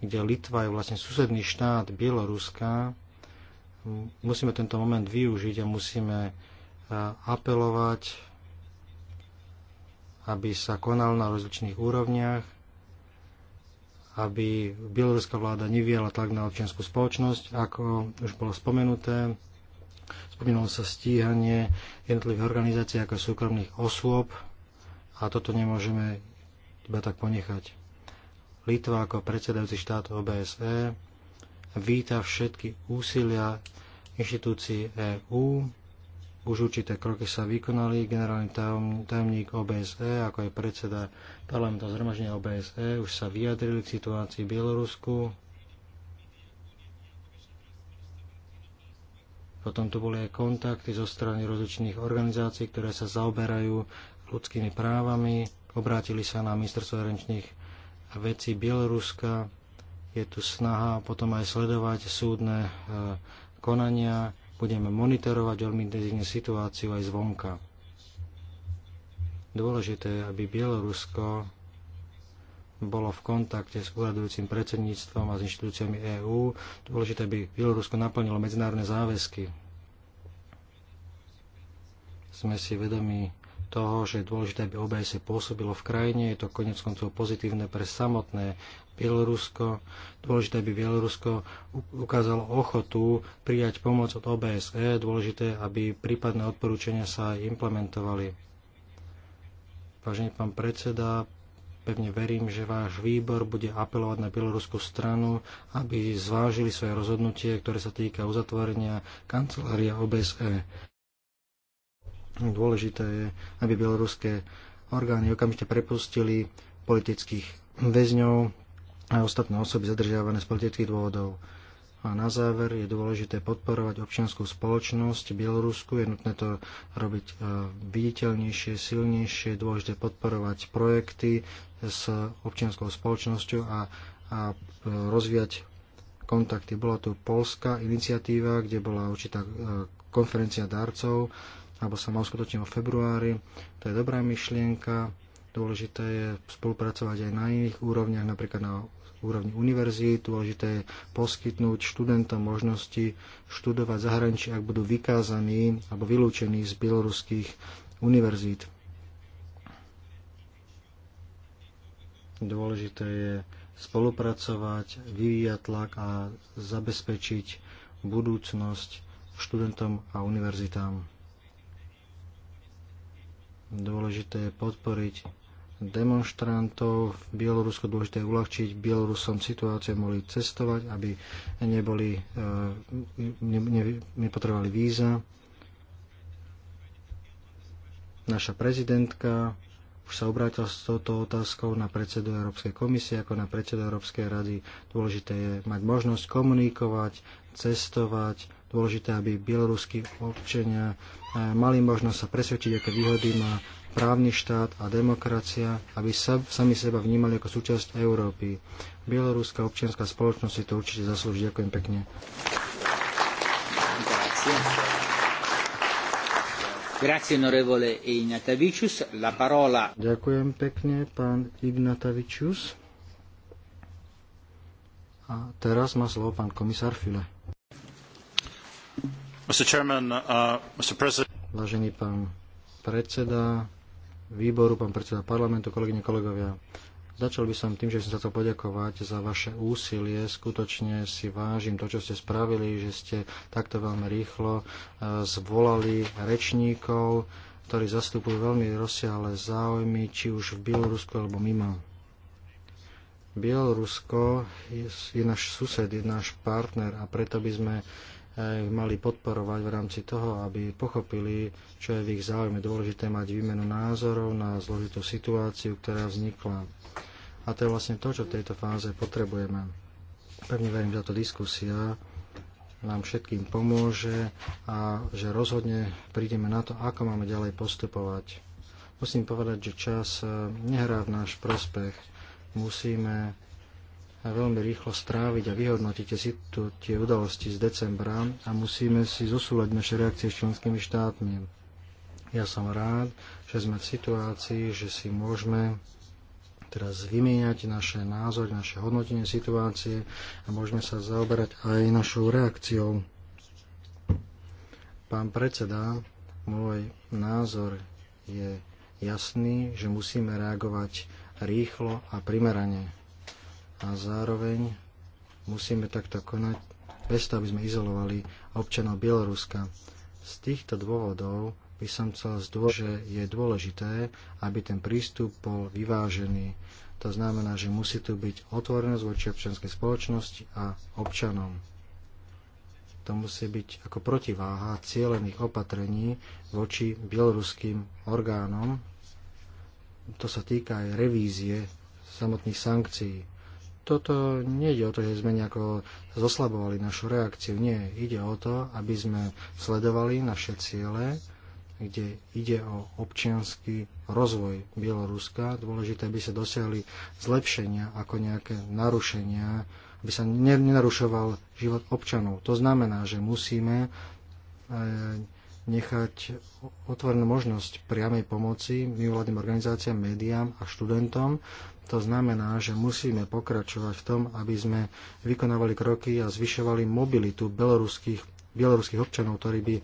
kde Litva je vlastne susedný štát Bieloruska. Musíme tento moment využiť a musíme eh, apelovať, aby sa konal na rozličných úrovniach, aby bieloruská vláda neviela tak na občianskú spoločnosť, ako už bolo spomenuté. Spomínalo sa stíhanie jednotlivých organizácií ako súkromných osôb a toto nemôžeme iba tak ponechať. Litva ako predsedajúci štát OBSE víta všetky úsilia inštitúcií EÚ. Už určité kroky sa vykonali. Generálny tajomník OBSE, ako je predseda parlamentu zhromaždenia OBSE, už sa vyjadrili k situácii v Bielorusku. Potom tu boli aj kontakty zo strany rozličných organizácií, ktoré sa zaoberajú ľudskými právami. Obrátili sa na ministerstvo zahraničných veci Bieloruska. Je tu snaha potom aj sledovať súdne e, konania. Budeme monitorovať veľmi intenzívne situáciu aj zvonka. Dôležité je, aby Bielorusko bolo v kontakte s úradujúcim predsedníctvom a s inštitúciami EÚ. Dôležité, aby Bielorusko naplnilo medzinárodné záväzky. Sme si vedomi toho, že je dôležité, aby OBS pôsobilo v krajine. Je to konec koncov pozitívne pre samotné Bielorusko. Dôležité, aby Bielorusko ukázalo ochotu prijať pomoc od OBSE. Dôležité, aby prípadné odporúčania sa implementovali. Vážený pán predseda, pevne verím, že váš výbor bude apelovať na bieloruskú stranu, aby zvážili svoje rozhodnutie, ktoré sa týka uzatvorenia kancelária OBSE. Dôležité je, aby bieloruské orgány okamžite prepustili politických väzňov a ostatné osoby zadržiavané z politických dôvodov. A na záver je dôležité podporovať občianskú spoločnosť Bielorusku, je nutné to robiť e, viditeľnejšie, silnejšie, dôležité podporovať projekty s občianskou spoločnosťou a, a e, rozvíjať kontakty. Bola tu polská iniciatíva, kde bola určitá e, konferencia darcov, alebo sa má uskutočniť vo februári. To je dobrá myšlienka. Dôležité je spolupracovať aj na iných úrovniach, napríklad na úrovni univerzít. Dôležité je poskytnúť študentom možnosti študovať zahraničí, ak budú vykázaní alebo vylúčení z bieloruských univerzít. Dôležité je spolupracovať, vyvíjať tlak a zabezpečiť budúcnosť študentom a univerzitám. Dôležité je podporiť demonstrantov v Bielorusku, dôležité je uľahčiť Bielorusom situáciu, mohli cestovať, aby neboli, eh, ne, ne, nepotrebovali víza. Naša prezidentka už sa obrátil s touto otázkou na predsedu Európskej komisie ako na predsedu Európskej rady. Dôležité je mať možnosť komunikovať, cestovať, dôležité, aby bieloruskí občania eh, mali možnosť sa presvedčiť, aké výhody má právny štát a demokracia, aby sa, sami seba vnímali ako súčasť Európy. Bieloruská občianská spoločnosť si to určite zaslúži. Ďakujem pekne. Grazie. Ďakujem pekne, pán Ignatavičius. A teraz má slovo pán komisár File. Uh, Vážený pán predseda výboru, pán predseda parlamentu, kolegyne, kolegovia. Začal by som tým, že som sa chcel poďakovať za vaše úsilie. Skutočne si vážim to, čo ste spravili, že ste takto veľmi rýchlo e, zvolali rečníkov, ktorí zastupujú veľmi rozsiahle záujmy, či už v Bielorusku alebo mimo. Bielorusko je náš sused, je náš partner a preto by sme e, mali podporovať v rámci toho, aby pochopili, čo je v ich záujme. Dôležité mať výmenu názorov na zložitú situáciu, ktorá vznikla. A to je vlastne to, čo v tejto fáze potrebujeme. Pevne verím, že táto diskusia nám všetkým pomôže a že rozhodne prídeme na to, ako máme ďalej postupovať. Musím povedať, že čas eh, nehrá v náš prospech. Musíme eh, veľmi rýchlo stráviť a vyhodnotiť si tu, tie udalosti z decembra a musíme si zosúľať naše reakcie s členskými štátmi. Ja som rád, že sme v situácii, že si môžeme teraz vymieňať naše názory, naše hodnotenie situácie a môžeme sa zaoberať aj našou reakciou. Pán predseda, môj názor je jasný, že musíme reagovať rýchlo a primerane. A zároveň musíme takto konať bez toho, aby sme izolovali občanov Bieloruska. Z týchto dôvodov by som chcel zdôžiť, že je dôležité, aby ten prístup bol vyvážený. To znamená, že musí tu byť otvorenosť voči občianskej spoločnosti a občanom. To musí byť ako protiváha cieľených opatrení voči bieloruským orgánom. To sa týka aj revízie samotných sankcií. Toto nejde o to, že sme nejako zoslabovali našu reakciu. Nie, ide o to, aby sme sledovali naše ciele kde ide o občianský rozvoj Bieloruska. Dôležité, aby sa dosiahli zlepšenia ako nejaké narušenia, aby sa nenarušoval život občanov. To znamená, že musíme e, nechať otvorenú možnosť priamej pomoci mimovládnym organizáciám, médiám a študentom. To znamená, že musíme pokračovať v tom, aby sme vykonávali kroky a zvyšovali mobilitu beloruských bieloruských občanov, ktorí by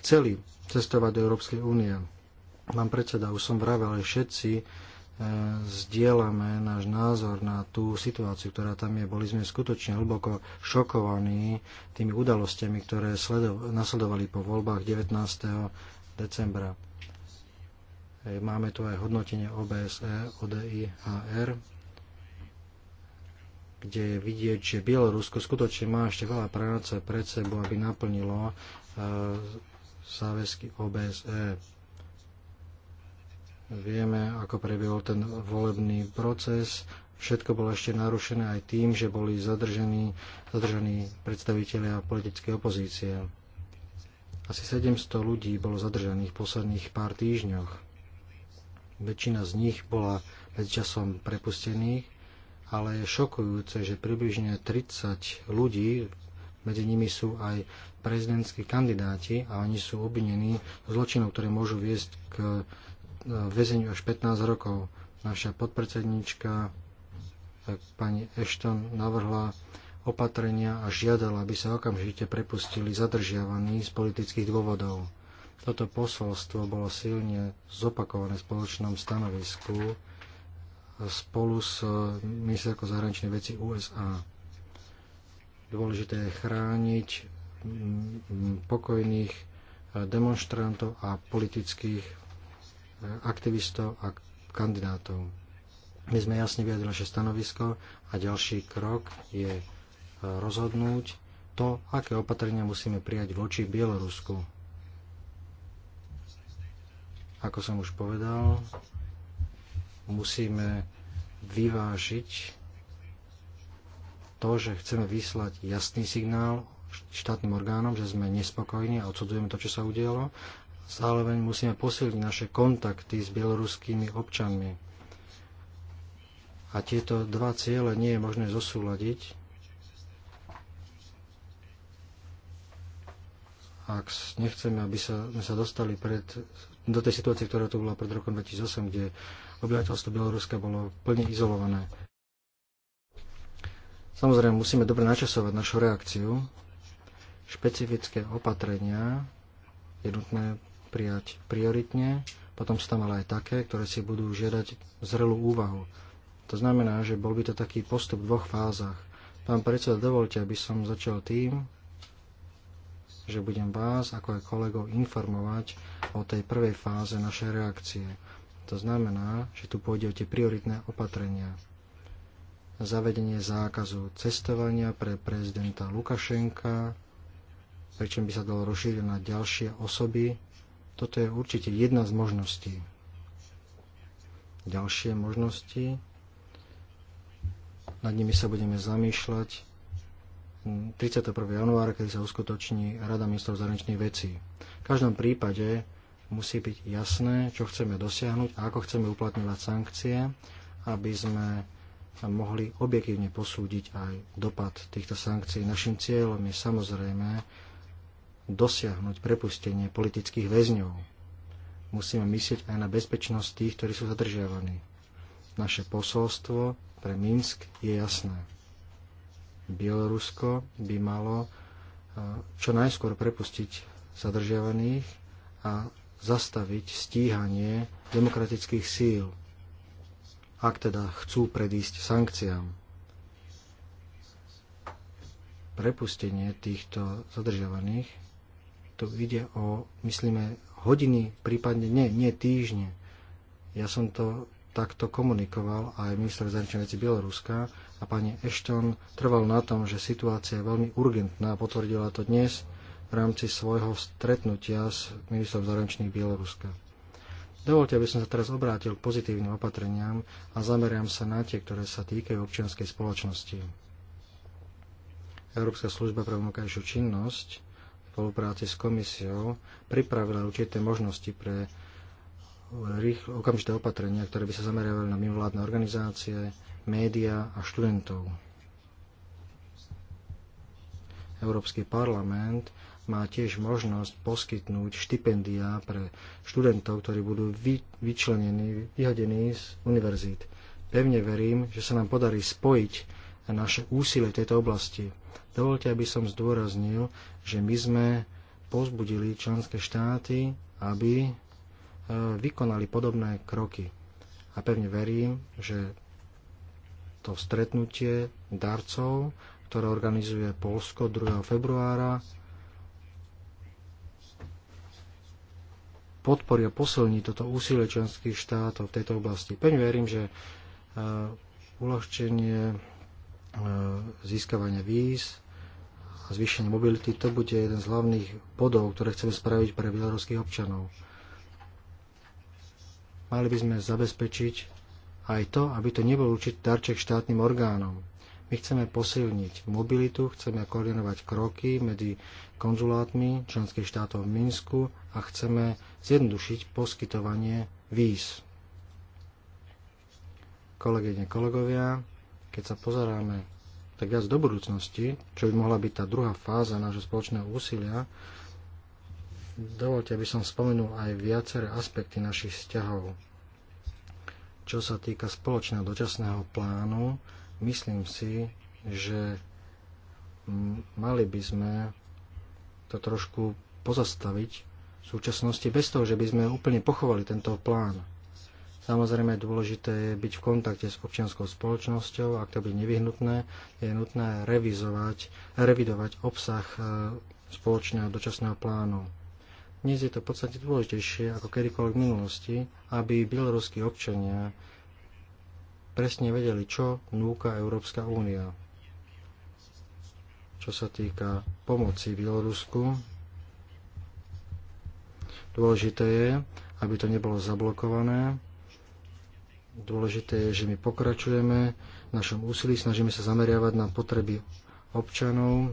chceli cestovať do Európskej únie. Mám predseda, už som vravel, všetci e, zdieľame náš názor na tú situáciu, ktorá tam je. Boli sme skutočne hlboko šokovaní tými udalostiami, ktoré nasledovali po voľbách 19. decembra. E, máme tu aj hodnotenie OBSE, ODIHR kde je vidieť, že Bielorusko skutočne má ešte veľa práce pred sebou, aby naplnilo e, záväzky OBSE. Vieme, ako prebiehol ten volebný proces. Všetko bolo ešte narušené aj tým, že boli zadržaní, zadržení predstavitelia politickej opozície. Asi 700 ľudí bolo zadržaných v posledných pár týždňoch. Väčšina z nich bola medzičasom prepustených ale je šokujúce, že približne 30 ľudí, medzi nimi sú aj prezidentskí kandidáti a oni sú obvinení zločinov, ktoré môžu viesť k e, väzeniu až 15 rokov. Naša podpredsednička e, pani Ashton navrhla opatrenia a žiadala, aby sa okamžite prepustili zadržiavaní z politických dôvodov. Toto posolstvo bolo silne zopakované v spoločnom stanovisku spolu s ministerkou zahraničnej veci USA. Dôležité je chrániť pokojných demonstrantov a politických aktivistov a kandidátov. My sme jasne vyjadrili naše stanovisko a ďalší krok je rozhodnúť to, aké opatrenia musíme prijať voči Bielorusku. Ako som už povedal, musíme vyvážiť to, že chceme vyslať jasný signál štátnym orgánom, že sme nespokojní a odsudzujeme to, čo sa udialo. Zároveň musíme posilniť naše kontakty s bieloruskými občanmi. A tieto dva ciele nie je možné zosúľadiť, ak nechceme, aby sa, sme sa dostali pred, do tej situácie, ktorá tu bola pred rokom 2008, kde obyvateľstvo Bieloruska bolo plne izolované. Samozrejme, musíme dobre načasovať našu reakciu. Špecifické opatrenia je nutné prijať prioritne, potom sú tam ale aj také, ktoré si budú žiadať zrelú úvahu. To znamená, že bol by to taký postup v dvoch fázach. Pán predseda, dovolte, aby som začal tým, že budem vás, ako aj kolegov, informovať o tej prvej fáze našej reakcie. To znamená, že tu pôjde o tie prioritné opatrenia. Zavedenie zákazu cestovania pre prezidenta Lukašenka, pričom by sa dalo rozšíriť na ďalšie osoby. Toto je určite jedna z možností. Ďalšie možnosti, nad nimi sa budeme zamýšľať 31. januára, keď sa uskutoční Rada ministrov zahraničných vecí. V každom prípade musí byť jasné, čo chceme dosiahnuť a ako chceme uplatňovať sankcie, aby sme mohli objektívne posúdiť aj dopad týchto sankcií. Našim cieľom je samozrejme dosiahnuť prepustenie politických väzňov. Musíme myslieť aj na bezpečnosť tých, ktorí sú zadržiavaní. Naše posolstvo pre Minsk je jasné. Bielorusko by malo eh, čo najskôr prepustiť zadržiavaných a zastaviť stíhanie demokratických síl, ak teda chcú predísť sankciám. Prepustenie týchto zadržiavaných, tu ide o, myslíme, hodiny, prípadne nie, nie týždne. Ja som to takto komunikoval aj minister zahraničných vecí Bieloruska a pani Ashton trval na tom, že situácia je veľmi urgentná, a potvrdila to dnes, v rámci svojho stretnutia s ministrom zahraničných Bieloruska. Dovolte, aby som sa teraz obrátil k pozitívnym opatreniam a zameriam sa na tie, ktoré sa týkajú občianskej spoločnosti. Európska služba pre vonkajšiu činnosť v spolupráci s komisiou pripravila určité možnosti pre rýchlo, okamžité opatrenia, ktoré by sa zameriavali na mimovládne organizácie, médiá a študentov. Európsky parlament má tiež možnosť poskytnúť štipendia pre študentov, ktorí budú vy, vyčlenení, vyhodení z univerzít. Pevne verím, že sa nám podarí spojiť naše úsilie v tejto oblasti. Dovolte, aby som zdôraznil, že my sme pozbudili členské štáty, aby e, vykonali podobné kroky. A pevne verím, že to stretnutie darcov, ktoré organizuje Polsko 2. februára, podporí a posilní toto úsilie členských štátov v tejto oblasti. Pevne verím, že e, uľahčenie e, získavania víz a zvýšenie mobility, to bude jeden z hlavných bodov, ktoré chceme spraviť pre bieloruských občanov. Mali by sme zabezpečiť aj to, aby to nebol určitý darček štátnym orgánom. My chceme posilniť mobilitu, chceme koordinovať kroky medzi konzulátmi členských štátov v Minsku a chceme zjednodušiť poskytovanie víz. Kolegyne, kolegovia, keď sa pozeráme tak viac do budúcnosti, čo by mohla byť tá druhá fáza nášho spoločného úsilia, dovolte, aby som spomenul aj viaceré aspekty našich vzťahov. Čo sa týka spoločného dočasného plánu, myslím si, že mali by sme to trošku pozastaviť v súčasnosti bez toho, že by sme úplne pochovali tento plán. Samozrejme dôležité je byť v kontakte s občianskou spoločnosťou, ak to by nevyhnutné, je nutné revizovať, revidovať obsah e, spoločného dočasného plánu. Dnes je to v podstate dôležitejšie ako kedykoľvek v minulosti, aby bieloruskí občania presne vedeli, čo núka Európska únia čo sa týka pomoci Bielorusku. Dôležité je, aby to nebolo zablokované. Dôležité je, že my pokračujeme v našom úsilí, snažíme sa zameriavať na potreby občanov.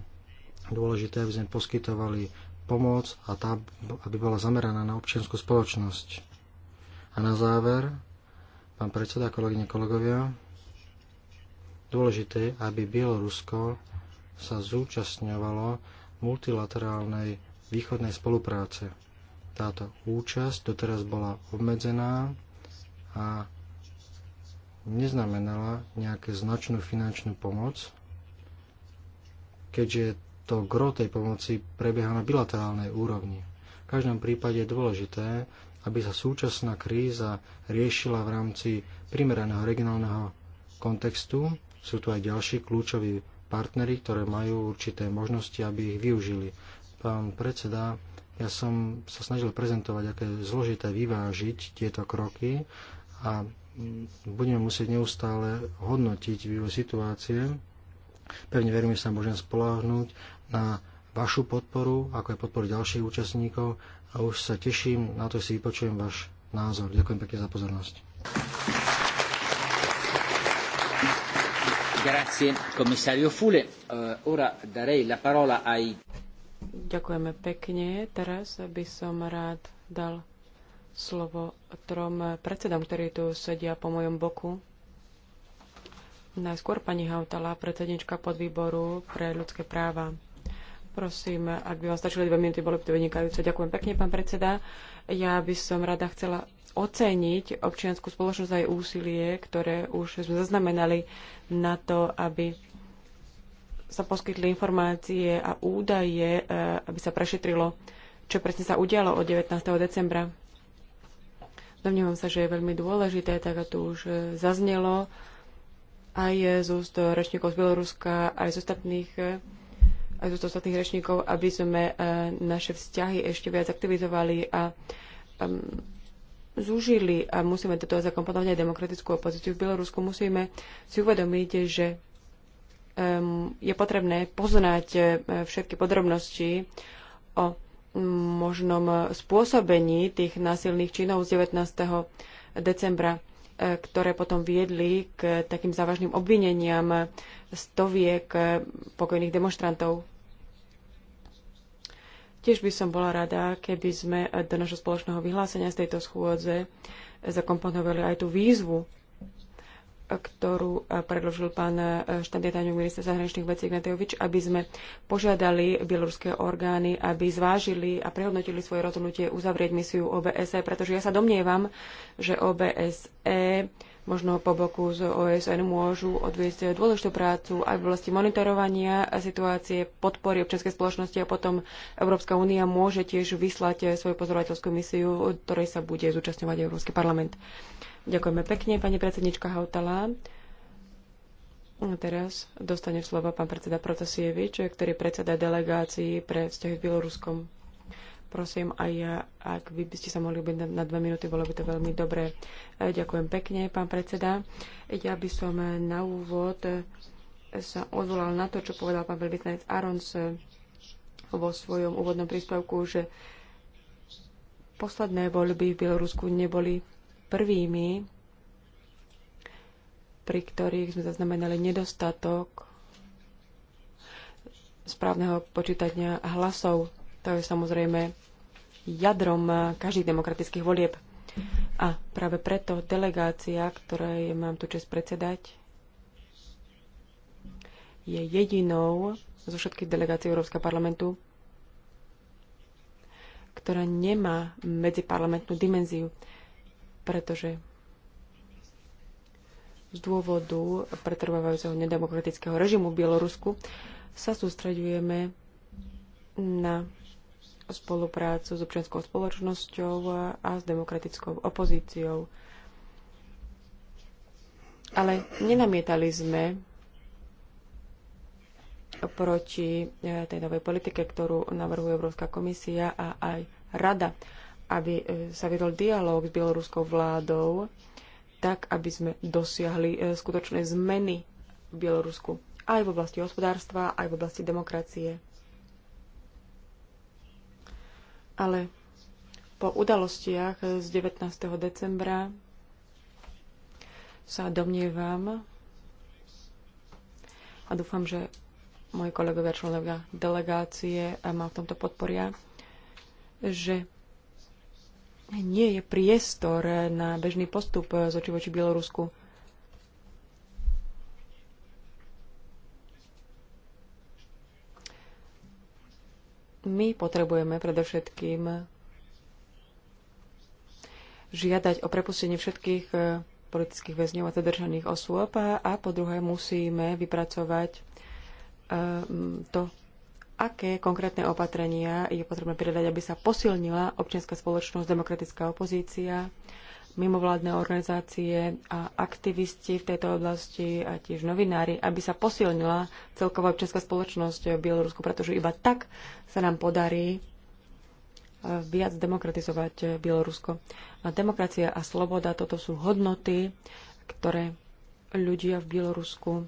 Dôležité je, aby sme poskytovali pomoc a tá, aby bola zameraná na občianskú spoločnosť. A na záver, pán predseda, kolegyne, kolegovia, dôležité, je, aby Bielorusko sa zúčastňovalo multilaterálnej východnej spolupráce. Táto účasť doteraz bola obmedzená a neznamenala nejakú značnú finančnú pomoc, keďže to gro tej pomoci prebieha na bilaterálnej úrovni. V každom prípade je dôležité, aby sa súčasná kríza riešila v rámci primeraného regionálneho kontextu. Sú tu aj ďalší kľúčoví partnery, ktoré majú určité možnosti, aby ich využili. Pán predseda, ja som sa snažil prezentovať, aké je zložité vyvážiť tieto kroky a budeme musieť neustále hodnotiť vývoj situácie. Pevne verím, že sa môžem spolahnúť na vašu podporu, ako aj podporu ďalších účastníkov a už sa teším na to, že si vypočujem váš názor. Ďakujem pekne za pozornosť. Grazie, Fule. Eh, ora darei la parola ai... Ďakujeme pekne. Teraz by som rád dal slovo trom predsedom, ktorí tu sedia po mojom boku. Najskôr pani Hautala, predsednička podvýboru pre ľudské práva. Prosím, ak by vám stačili dve minúty, bolo by to vynikajúce. Ďakujem pekne, pán predseda. Ja by som rada chcela oceniť občianskú spoločnosť aj úsilie, ktoré už sme zaznamenali na to, aby sa poskytli informácie a údaje, eh, aby sa prešetrilo, čo presne sa udialo od 19. decembra. Domnívam sa, že je veľmi dôležité, tak ako už eh, zaznelo, aj z úst rečníkov z Bieloruska, aj z ostatných eh, aj zo ostatných rečníkov, aby sme e, naše vzťahy ešte viac aktivizovali a zúžili a musíme do toho zakomponovať aj demokratickú opozíciu v Bielorusku, musíme si uvedomiť, že je potrebné poznať e, všetky podrobnosti o možnom spôsobení tých násilných činov z 19. decembra, e, ktoré potom viedli k takým závažným obvineniam stoviek pokojných demonstrantov. Tiež by som bola rada, keby sme do našho spoločného vyhlásenia z tejto schôdze zakomponovali aj tú výzvu ktorú eh, predložil pán eh, štandetáňov minister zahraničných vecí Ignatejovič, aby sme požiadali bieloruské orgány, aby zvážili a prehodnotili svoje rozhodnutie uzavrieť misiu OBSE, pretože ja sa domnievam, že OBSE možno po boku z OSN môžu odviesť dôležitú prácu aj v oblasti monitorovania situácie, podpory občianskej spoločnosti a potom Európska únia môže tiež vyslať svoju pozorovateľskú misiu, ktorej sa bude zúčastňovať Európsky parlament. Ďakujeme pekne, pani predsednička Hautala. A teraz dostane slovo pán predseda Protasievič, ktorý je predseda delegácii pre vzťahy s Bieloruskom. Prosím, aj ja, ak vy by ste sa mohli byť na, na dve minúty, bolo by to veľmi dobré. E, ďakujem pekne, pán predseda. Ja by som e, na úvod e, sa odvolal na to, čo povedal pán veľvyslanec Arons vo svojom úvodnom príspevku, že posledné voľby v Bielorusku neboli prvými, pri ktorých sme zaznamenali nedostatok správneho počítania hlasov. To je samozrejme jadrom každých demokratických volieb. A práve preto delegácia, ktorej mám tu čest predsedať, je jedinou zo všetkých delegácií Európskeho parlamentu, ktorá nemá medziparlamentnú dimenziu pretože z dôvodu pretrvávajúceho nedemokratického režimu v Bielorusku sa sústreďujeme na spoluprácu s občianskou spoločnosťou a s demokratickou opozíciou. Ale nenamietali sme proti eh, tej novej politike, ktorú navrhuje Európska komisia a aj Rada aby e, sa viedol dialog s bieloruskou vládou, tak aby sme dosiahli e, skutočné zmeny v Bielorusku aj v oblasti hospodárstva, aj v oblasti demokracie. Ale po udalostiach z 19. decembra sa domnievam a dúfam, že moji kolegovia členovia delegácie e, ma v tomto podporia, že nie je priestor na bežný postup z oči voči Bielorusku. My potrebujeme predovšetkým žiadať o prepustenie všetkých eh, politických väzňov a zadržaných osôb a, a po druhé musíme vypracovať eh, to aké konkrétne opatrenia je potrebné pridať, aby sa posilnila občianská spoločnosť, demokratická opozícia, mimovládne organizácie a aktivisti v tejto oblasti a tiež novinári, aby sa posilnila celková občianská spoločnosť v Bielorusku, pretože iba tak sa nám podarí eh, viac demokratizovať eh, Bielorusko. A demokracia a sloboda, toto sú hodnoty, ktoré ľudia v Bielorusku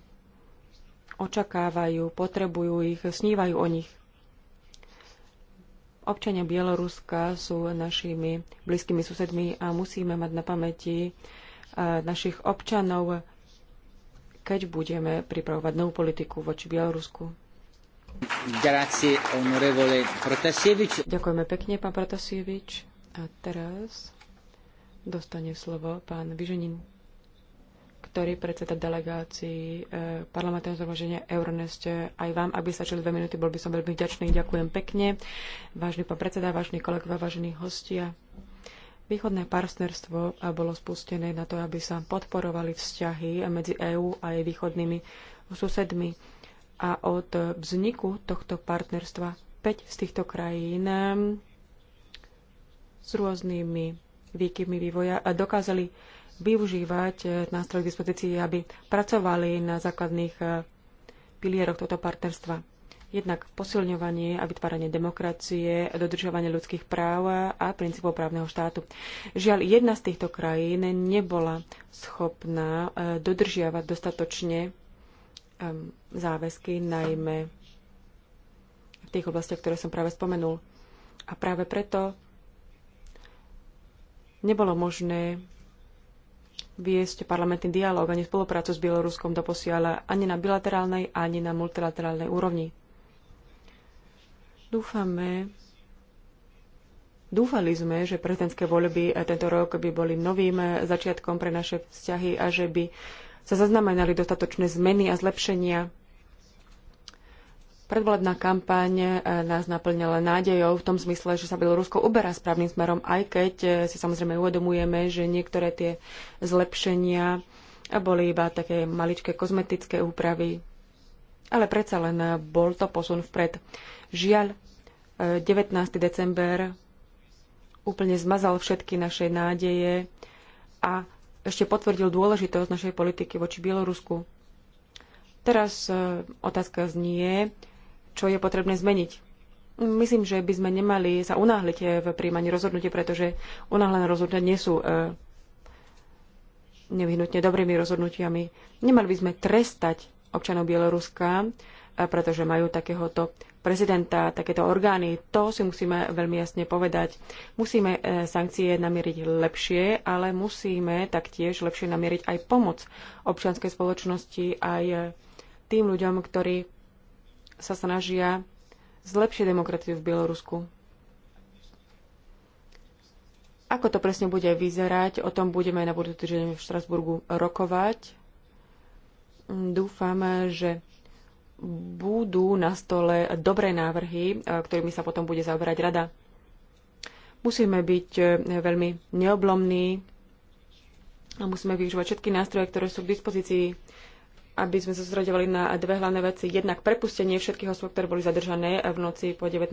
očakávajú, potrebujú ich, snívajú o nich. Občania Bieloruska sú našimi blízkymi susedmi a musíme mať na pamäti e, našich občanov, keď budeme pripravovať novú politiku voči Bielorusku. Grazie, Ďakujeme pekne, pán Protasievič. A teraz dostane slovo pán Vyženin ktorý predseda delegácii e, parlamentného zhromaždenia Euronest e, aj vám, aby sa čili dve minúty, bol by som veľmi vďačný. Ďakujem pekne. Vážny pán predseda, vážni kolegovia, vážení hostia. Východné partnerstvo e, bolo spustené na to, aby sa podporovali vzťahy medzi EÚ a jej východnými susedmi. A od vzniku tohto partnerstva 5 z týchto krajín e, s rôznymi výkyvmi vývoja dokázali využívať eh, nástroj k dispozícii, aby pracovali na základných eh, pilieroch tohto partnerstva. Jednak posilňovanie a vytváranie demokracie, dodržovanie ľudských práv a princípov právneho štátu. Žiaľ, jedna z týchto krajín nebola schopná eh, dodržiavať dostatočne záväzky, najmä v tých oblastiach, ktoré som práve spomenul. A práve preto nebolo možné viesť parlamentný dialog ani spoluprácu s Bieloruskom doposiaľ ani na bilaterálnej, ani na multilaterálnej úrovni. Dúfame, dúfali sme, že prezidentské voľby eh, tento rok by boli novým eh, začiatkom pre naše vzťahy a že by sa zaznamenali dostatočné zmeny a zlepšenia Predvolebná kampaň e, nás naplňala nádejou v tom zmysle, že sa Bielorusko uberá správnym smerom, aj keď e, si samozrejme uvedomujeme, že niektoré tie zlepšenia boli iba také maličké kozmetické úpravy. Ale predsa len e, bol to posun vpred. Žiaľ, 19. december úplne zmazal všetky naše nádeje a ešte potvrdil dôležitosť našej politiky voči Bielorusku. Teraz otázka znie, čo je potrebné zmeniť. Myslím, že by sme nemali sa unáhliť eh, v príjmaní rozhodnutia, pretože unáhlené rozhodnutia nie sú e, nevyhnutne dobrými rozhodnutiami. Nemali by sme trestať občanov Bieloruska, eh, pretože majú takéhoto prezidenta, takéto orgány. To si musíme veľmi jasne povedať. Musíme sankcie namieriť lepšie, ale musíme taktiež lepšie namieriť aj pomoc občianskej spoločnosti, aj tým ľuďom, ktorí sa snažia zlepšiť demokratiu v Bielorusku. Ako to presne bude vyzerať, o tom budeme aj na budúci týždeň v Štrasburgu rokovať. Dúfam, že budú na stole dobré návrhy, e, ktorými sa potom bude zaoberať rada. Musíme byť e, veľmi neoblomní a musíme využívať všetky nástroje, ktoré sú k dispozícii aby sme sústredovali na dve hlavné veci. Jednak prepustenie všetkých osôb, ktoré boli zadržané v noci po 19.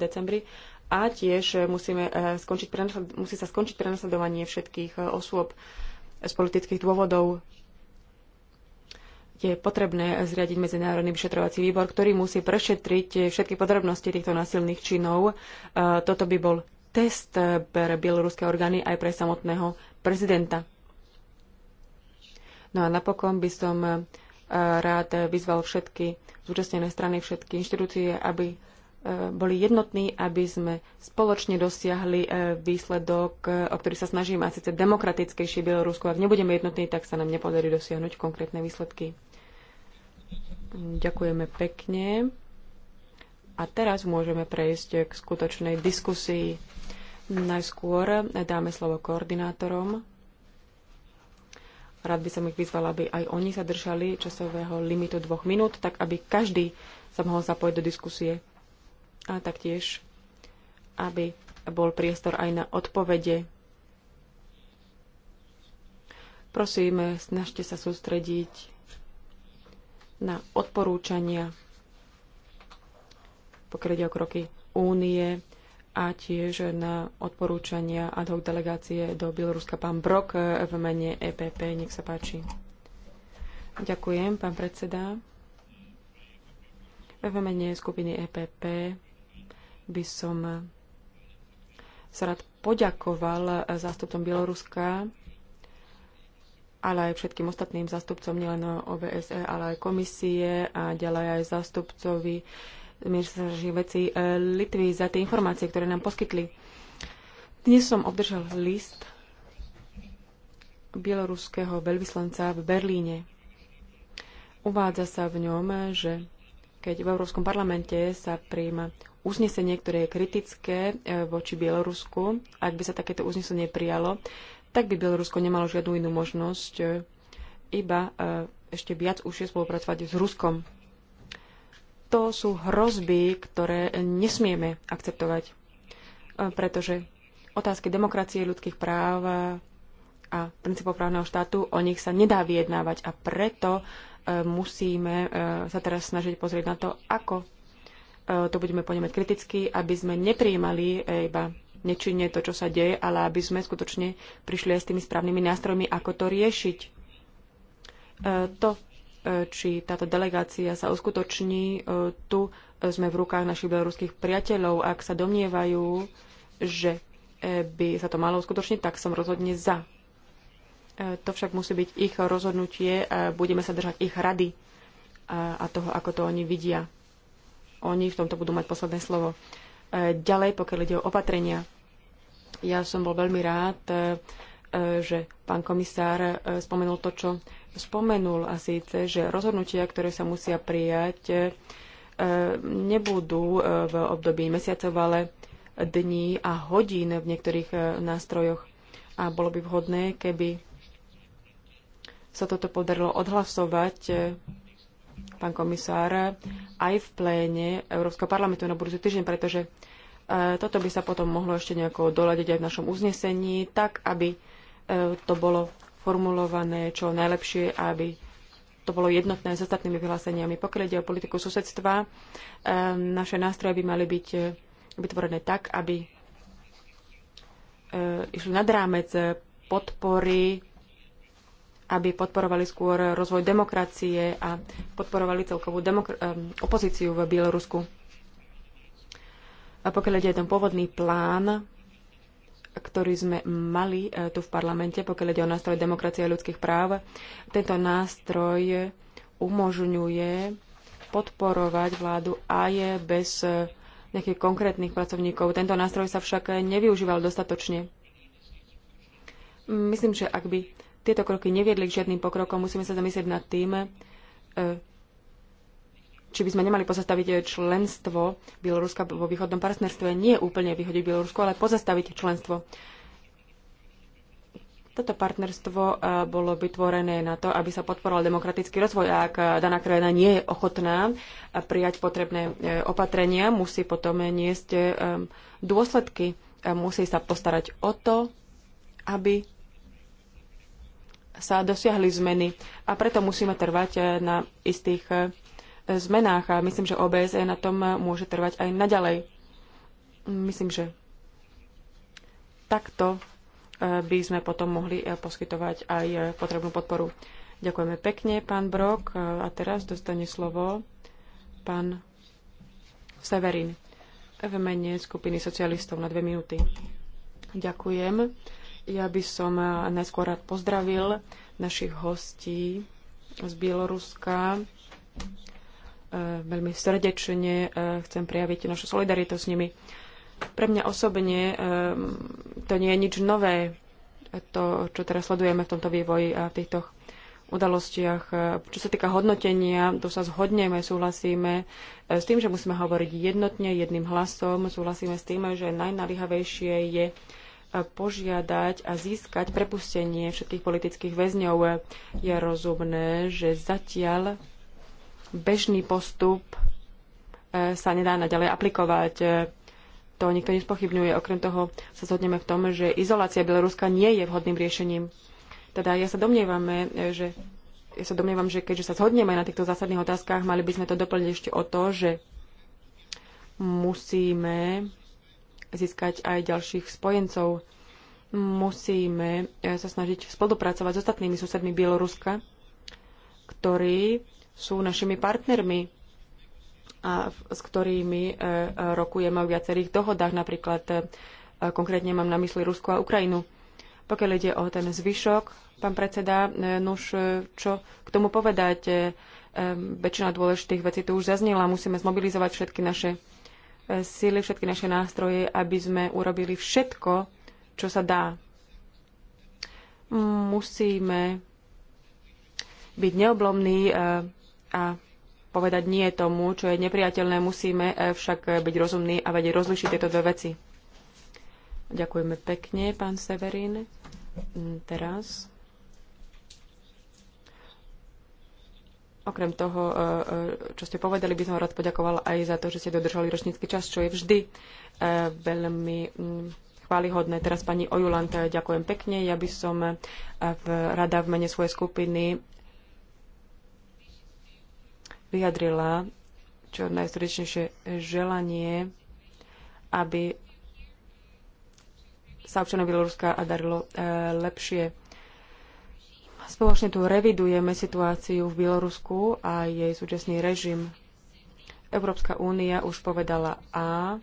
decembri a tiež musíme eh, skončiť, musí sa skončiť prenasledovanie všetkých eh, osôb z politických dôvodov. Je potrebné zriadiť medzinárodný vyšetrovací výbor, ktorý musí prešetriť všetky podrobnosti týchto násilných činov. Eh, toto by bol test pre bieloruské orgány aj pre samotného prezidenta. No a napokon by som e, rád vyzval všetky zúčastnené strany, všetky inštitúcie, aby e, boli jednotní, aby sme spoločne dosiahli e, výsledok, o ktorý sa snažíme, a síce demokratickejšie Bielorusko. Ak nebudeme jednotní, tak sa nám nepodarí dosiahnuť konkrétne výsledky. Ďakujeme pekne. A teraz môžeme prejsť k skutočnej diskusii. Najskôr dáme slovo koordinátorom. Rád by som ich vyzvala, aby aj oni sa držali časového limitu dvoch minút, tak aby každý sa mohol zapojiť do diskusie. A taktiež, aby bol priestor aj na odpovede. Prosím, snažte sa sústrediť na odporúčania, pokredia kroky únie a tiež na odporúčania ad hoc delegácie do Bieloruska. Pán Brok eh, v mene EPP, nech sa páči. Ďakujem, pán predseda. V mene skupiny EPP by som sa rád poďakoval zástupcom Bieloruska, ale aj všetkým ostatným zástupcom, nielen OBSE, ale aj komisie a ďalej aj zástupcovi ministerstva vecí e, Litvy za tie informácie, ktoré nám poskytli. Dnes som obdržal list bieloruského veľvyslanca v Berlíne. Uvádza sa v ňom, že keď v Európskom parlamente sa prijíma uznesenie, ktoré je kritické e, voči Bielorusku, ak by sa takéto uznesenie prijalo, tak by Bielorusko nemalo žiadnu inú možnosť e, iba ešte viac užšie spolupracovať s Ruskom. To sú hrozby, ktoré nesmieme akceptovať, e, pretože otázky demokracie, ľudských práv a princípov právneho štátu, o nich sa nedá vyjednávať a preto e, musíme e, sa teraz snažiť pozrieť na to, ako to budeme ponímať kriticky, aby sme neprijímali iba nečinne to, čo sa deje, ale aby sme skutočne prišli aj s tými správnymi nástrojmi, ako to riešiť. To či táto delegácia sa uskutoční. E, tu e, sme v rukách našich beloruských priateľov. Ak sa domnievajú, že e, by sa to malo uskutočniť, tak som rozhodne za. To však musí byť ich rozhodnutie. Budeme sa držať ich rady a toho, ako to oni vidia. Oni v tomto budú mať posledné slovo. Ďalej, pokiaľ ide o opatrenia, ja som bol veľmi rád, že pán komisár spomenul to, čo spomenul a síce, že rozhodnutia, ktoré sa musia prijať, e, nebudú e, v období mesiacov, ale dní a hodín v niektorých e, nástrojoch. A bolo by vhodné, keby sa toto podarilo odhlasovať, pán komisár, aj v pléne Európskeho parlamentu na budúci týždeň, pretože toto by sa potom mohlo ešte nejako doľadiť aj v našom uznesení, tak aby to bolo formulované čo najlepšie, aby to bolo jednotné s ostatnými vyhláseniami. Pokiaľ ide o politiku susedstva, eh, naše nástroje by mali byť eh, vytvorené tak, aby eh, išli nad rámec podpory, aby podporovali skôr rozvoj demokracie a podporovali celkovú opozíciu v Bielorusku. A pokiaľ ide o ten pôvodný plán ktorý sme mali e, tu v parlamente, pokiaľ ide o nástroj demokracie a ľudských práv. Tento nástroj umožňuje podporovať vládu aj bez e, nejakých konkrétnych pracovníkov. Tento nástroj sa však nevyužíval dostatočne. Myslím, že ak by tieto kroky neviedli k žiadnym pokrokom, musíme sa zamyslieť nad tým, e, či by sme nemali pozastaviť členstvo Bieloruska vo východnom partnerstve. Nie úplne vyhodiť Bielorusko, ale pozastaviť členstvo. Toto partnerstvo eh, bolo vytvorené na to, aby sa podporoval demokratický rozvoj. A ak eh, daná krajina nie je ochotná eh, prijať potrebné opatrenia, musí potom niesť dôsledky. Musí sa postarať o to, aby sa dosiahli zmeny. A preto musíme trvať na istých zmenách a myslím, že OBSE na tom môže trvať aj naďalej. Myslím, že takto e, by sme potom mohli e, poskytovať aj e, potrebnú podporu. Ďakujeme pekne, pán Brok. A teraz dostane slovo pán Severin v mene skupiny socialistov na dve minúty. Ďakujem. Ja by som najskôr rád pozdravil našich hostí z Bieloruska E, veľmi srdečne e, chcem prejaviť našu solidaritu s nimi. Pre mňa osobne e, to nie je nič nové, to, čo teraz sledujeme v tomto vývoji a v týchto udalostiach. Čo sa týka hodnotenia, tu sa zhodneme, súhlasíme s tým, že musíme hovoriť jednotne, jedným hlasom. Súhlasíme s tým, že najnalihavejšie je požiadať a získať prepustenie všetkých politických väzňov. Je rozumné, že zatiaľ bežný postup e, sa nedá naďalej aplikovať. E, to nikto nespochybňuje. Okrem toho sa zhodneme v tom, že izolácia Bieloruska nie je vhodným riešením. Teda ja sa domnievame, že ja sa domnievam, že keďže sa zhodneme na týchto zásadných otázkach, mali by sme to doplniť ešte o to, že musíme získať aj ďalších spojencov. Musíme e, sa snažiť spolupracovať s ostatnými susedmi Bieloruska, ktorí sú našimi partnermi a s ktorými e, e, rokujeme o viacerých dohodách, napríklad e, konkrétne mám na mysli Rusko a Ukrajinu. Pokiaľ ide o ten zvyšok, pán predseda, nuž, čo k tomu povedať? Väčšina dôležitých vecí tu už zaznela. Musíme zmobilizovať všetky naše síly, všetky naše nástroje, aby sme urobili všetko, čo sa dá. Musíme byť neoblomní, a povedať nie tomu, čo je nepriateľné. Musíme eh, však eh, byť rozumní a vedieť rozlišiť tieto dve veci. Ďakujeme pekne, pán Severin. Mm, teraz. Okrem toho, eh, čo ste povedali, by som rád poďakovala aj za to, že ste dodržali ročnícky čas, čo je vždy veľmi mm, chválihodné. Teraz pani Ojulant, ďakujem pekne. Ja by som v, rada v mene svojej skupiny vyjadrila čo najsrdečnejšie želanie, aby sa občanom Bieloruska darilo e, lepšie. Spoločne tu revidujeme situáciu v Bielorusku a jej súčasný režim. Európska únia už povedala A.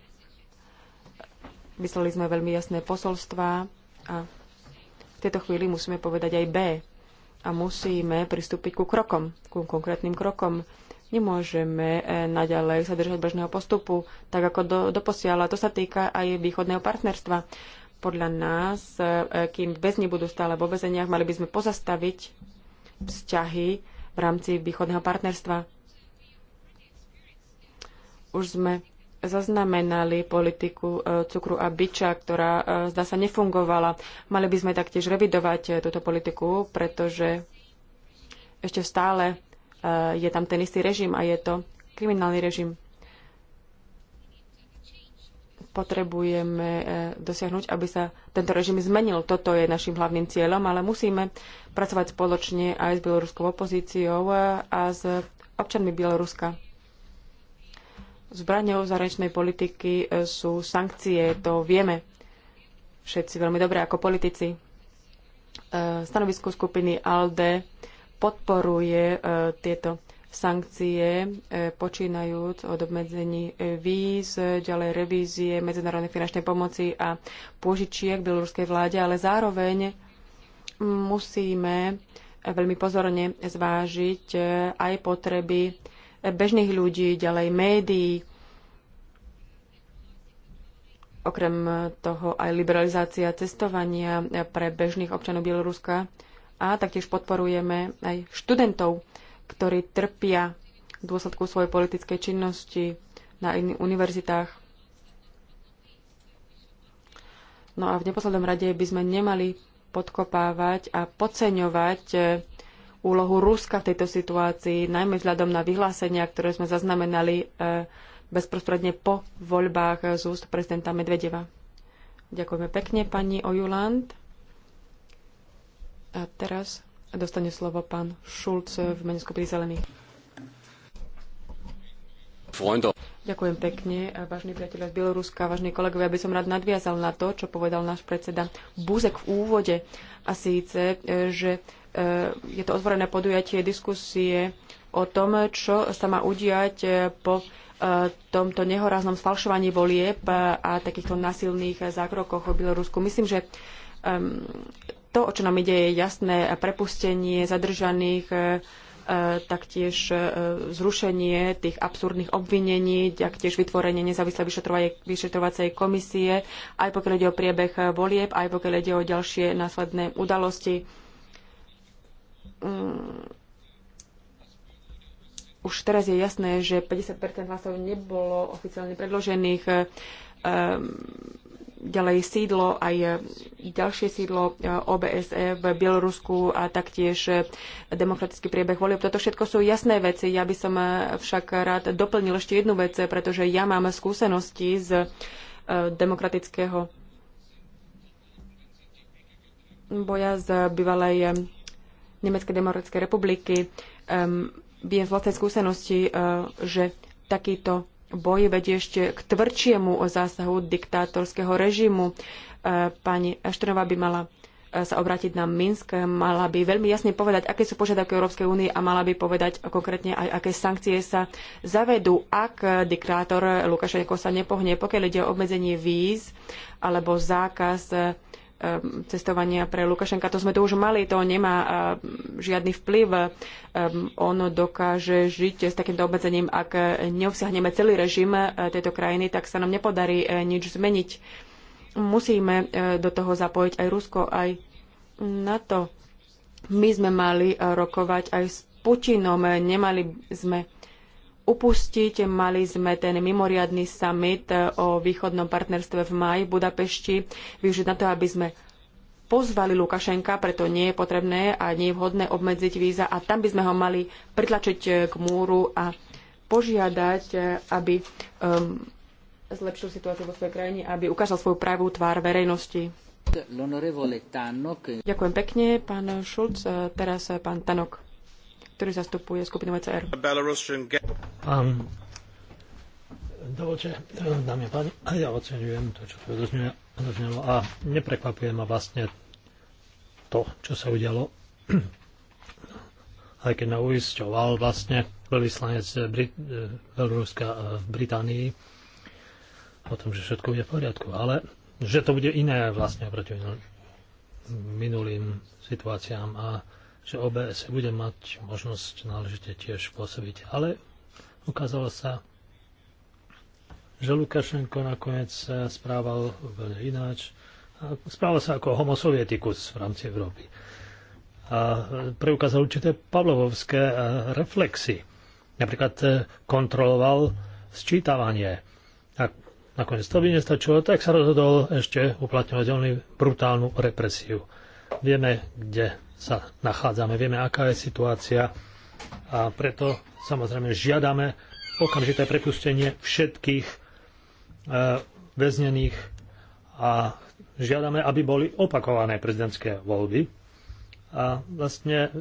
Vyslali sme veľmi jasné posolstvá a v tejto chvíli musíme povedať aj B. A musíme pristúpiť ku krokom, ku konkrétnym krokom Nemôžeme e, naďalej sa držať bežného postupu, tak ako do, doposiaľa. To sa týka aj východného partnerstva. Podľa nás, e, kým väzni budú stále vo väzeniach, mali by sme pozastaviť vzťahy v rámci východného partnerstva. Už sme zaznamenali politiku e, cukru a biča, ktorá zdá sa nefungovala. Mali by sme taktiež revidovať túto politiku, pretože ešte stále je tam ten istý režim a je to kriminálny režim. Potrebujeme e, dosiahnuť, aby sa tento režim zmenil. Toto je našim hlavným cieľom, ale musíme pracovať spoločne aj s bieloruskou opozíciou e, a s občanmi Bieloruska. Zbraňou zahraničnej politiky e, sú sankcie, to vieme všetci veľmi dobre ako politici. Stanovisko skupiny ALDE podporuje e, tieto sankcie, e, počínajúc od obmedzení e, víz, ďalej revízie medzinárodnej finančnej pomoci a pôžičiek bieloruskej vláde, ale zároveň musíme veľmi pozorne zvážiť aj potreby bežných ľudí, ďalej médií, okrem toho aj liberalizácia cestovania pre bežných občanov Bieloruska a taktiež podporujeme aj študentov, ktorí trpia v dôsledku svojej politickej činnosti na univerzitách. No a v neposlednom rade by sme nemali podkopávať a podceňovať eh, úlohu Ruska v tejto situácii, najmä vzhľadom na vyhlásenia, ktoré sme zaznamenali eh, bezprostredne po voľbách z úst prezidenta Medvedeva. Ďakujeme pekne, pani Ojuland. A teraz dostane slovo pán Šulc v mene skupiny Zelených. Ďakujem pekne, vážni priatelia z Bieloruska, vážni kolegovia. By som rád nadviazal na to, čo povedal náš predseda Buzek v úvode. A síce, e, že e, je to otvorené podujatie diskusie o tom, čo sa má udiať e, po tomto nehoráznom sfalšovaní volieb a takýchto násilných zákrokoch v Bielorusku. Myslím, že to, o čo nám ide, je jasné prepustenie zadržaných, e, e, taktiež e, zrušenie tých absurdných obvinení, taktiež vytvorenie nezávislej vyšetrovacej komisie, aj pokiaľ ide o priebeh volieb, aj pokiaľ ide o ďalšie následné udalosti. Mm. Už teraz je jasné, že 50 hlasov nebolo oficiálne predložených. Um, ďalej sídlo, aj e, ďalšie sídlo OBSE e v Bielorusku a taktiež e, demokratický priebeh volieb. Toto všetko sú jasné veci. Ja by som však rád doplnil ešte jednu vec, pretože ja mám skúsenosti z demokratického boja z bývalej Nemeckej demokratickej republiky. Viem z vlastnej skúsenosti, že takýto boj vedie ešte k tvrdšiemu zásahu diktátorského režimu. E, pani Ašterová by mala e, sa obrátiť na Minsk, mala by veľmi jasne povedať, aké sú požiadavky Európskej únie a mala by povedať konkrétne aj, aké sankcie sa zavedú, ak diktátor Lukašenko sa nepohne, pokiaľ ide o obmedzenie víz alebo zákaz Ehm, cestovania pre Lukašenka. To sme to už mali, to nemá ehm, žiadny vplyv. Ehm, on dokáže žiť s takýmto obmedzením. Ak neobsiahneme celý režim e, tejto krajiny, tak sa nám nepodarí e, nič zmeniť. Musíme e, do toho zapojiť aj Rusko, aj NATO. My sme mali rokovať aj s Putinom, nemali sme upustiť. Mali sme ten mimoriadny summit eh, o východnom partnerstve v maji v Budapešti využiť na to, aby sme pozvali Lukašenka, preto nie je potrebné a nie je vhodné obmedziť víza a tam by sme ho mali pritlačiť eh, k múru a požiadať, eh, aby um, zlepšil situáciu vo svojej krajine, aby ukázal svoju pravú tvár verejnosti. Ďakujem pekne, pán Šulc. Teraz pán Tanok ktorý zastupuje skupinu VCR. E um, dovolte, e, dámy a páni, ja oceňujem to, čo tu odoznelo a neprekvapuje ma vlastne to, čo sa udialo. <clears throat> Aj keď nauisťoval vlastne veľvyslanec Brit- e, Beloruska v Británii o tom, že všetko bude v poriadku, ale že to bude iné vlastne oproti minulým situáciám a že OBS bude mať možnosť náležite tiež pôsobiť. Ale ukázalo sa, že Lukašenko nakoniec sa správal veľmi ináč. Správal sa ako homosovietikus v rámci Európy. A preukázal určité pavlovovské eh, reflexy. Napríklad eh, kontroloval sčítavanie. A nakoniec to by nestačilo, tak sa rozhodol ešte uplatňovať veľmi brutálnu represiu. Vieme, kde sa nachádzame, vieme, aká je situácia a preto samozrejme žiadame okamžité prepustenie všetkých e, väznených a žiadame, aby boli opakované prezidentské voľby. A vlastne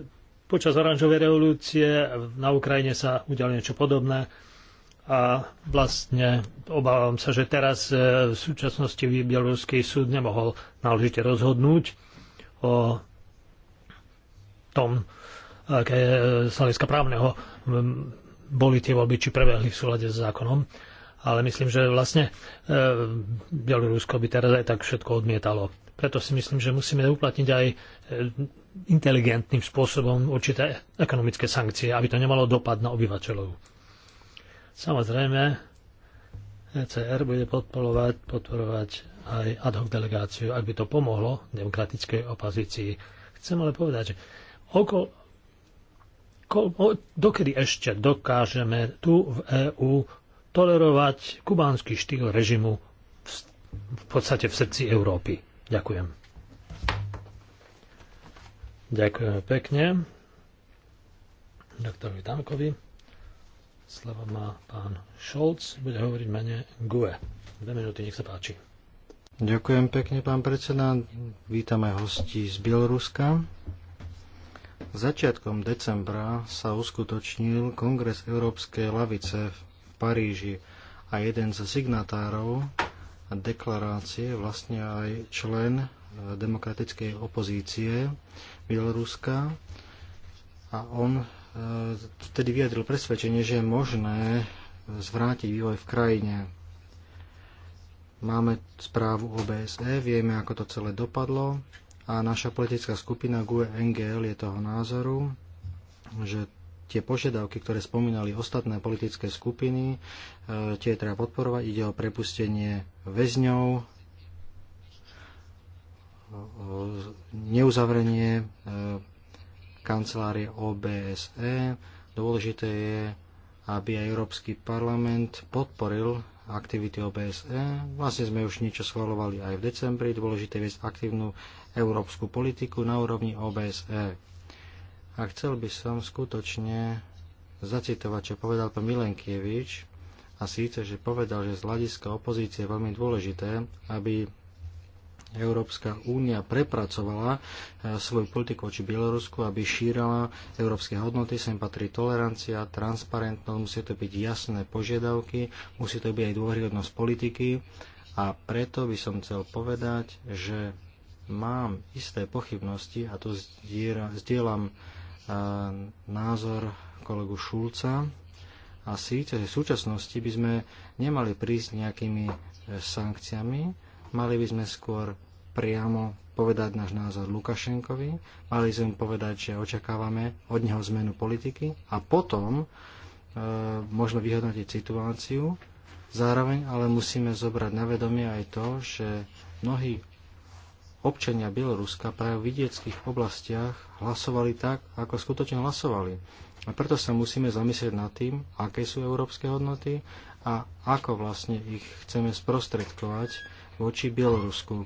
počas oranžovej revolúcie na Ukrajine sa udialo niečo podobné a vlastne obávam sa, že teraz e, v súčasnosti Bieloruský súd nemohol náležite rozhodnúť o tom, aké e, z hľadiska právneho boli tie voľby, či prebehli v súlade s zákonom. Ale myslím, že vlastne e, Bielorusko by teraz aj tak všetko odmietalo. Preto si myslím, že musíme uplatniť aj e, inteligentným spôsobom určité ekonomické sankcie, aby to nemalo dopad na obyvateľov. Samozrejme, ECR bude podporovať, podporovať aj ad hoc delegáciu, ak by to pomohlo demokratickej opozícii. Chcem ale povedať, že oko, ko, o, dokedy ešte dokážeme tu v EÚ tolerovať kubánsky štýl režimu v, v podstate v srdci Európy. Ďakujem. Ďakujem pekne doktorovi Tankovi. Slovo má pán Šolc, bude hovoriť mene GUE. Dve minúty, nech sa páči. Ďakujem pekne, pán predseda. Vítam aj hosti z Bieloruska. Začiatkom decembra sa uskutočnil Kongres Európskej lavice v Paríži a jeden z signatárov deklarácie, vlastne aj člen e, demokratickej opozície Bieloruska a on vtedy e, vyjadril presvedčenie, že je možné zvrátiť vývoj v krajine. Máme správu OBSE, vieme, ako to celé dopadlo a naša politická skupina GUE NGL je toho názoru, že tie požiadavky, ktoré spomínali ostatné politické skupiny, e, tie treba podporovať. Ide o prepustenie väzňov, e, neuzavrenie e, kancelárie OBSE. Dôležité je, aby aj Európsky parlament podporil aktivity OBSE. Vlastne sme už niečo schvalovali aj v decembri. Dôležité viesť aktívnu európsku politiku na úrovni OBSE. A chcel by som skutočne zacitovať, čo povedal pán Milenkievič, a síce, že povedal, že z hľadiska opozície je veľmi dôležité, aby Európska únia prepracovala e, svoju politiku voči Bielorusku, aby šírala európske hodnoty. Sem patrí tolerancia, transparentnosť, musí to byť jasné požiadavky, musí to byť aj dôveryhodnosť politiky. A preto by som chcel povedať, že mám isté pochybnosti, a to zdieľam e, názor kolegu Šulca, a síce, v súčasnosti by sme nemali prísť nejakými e, sankciami, Mali by sme skôr priamo povedať náš názor Lukašenkovi, mali sme povedať, že očakávame od neho zmenu politiky a potom e, možno vyhodnotiť situáciu. Zároveň ale musíme zobrať na vedomie aj to, že mnohí občania Bieloruska práve v vidieckých oblastiach hlasovali tak, ako skutočne hlasovali. A preto sa musíme zamyslieť nad tým, aké sú európske hodnoty a ako vlastne ich chceme sprostredkovať voči Bielorusku.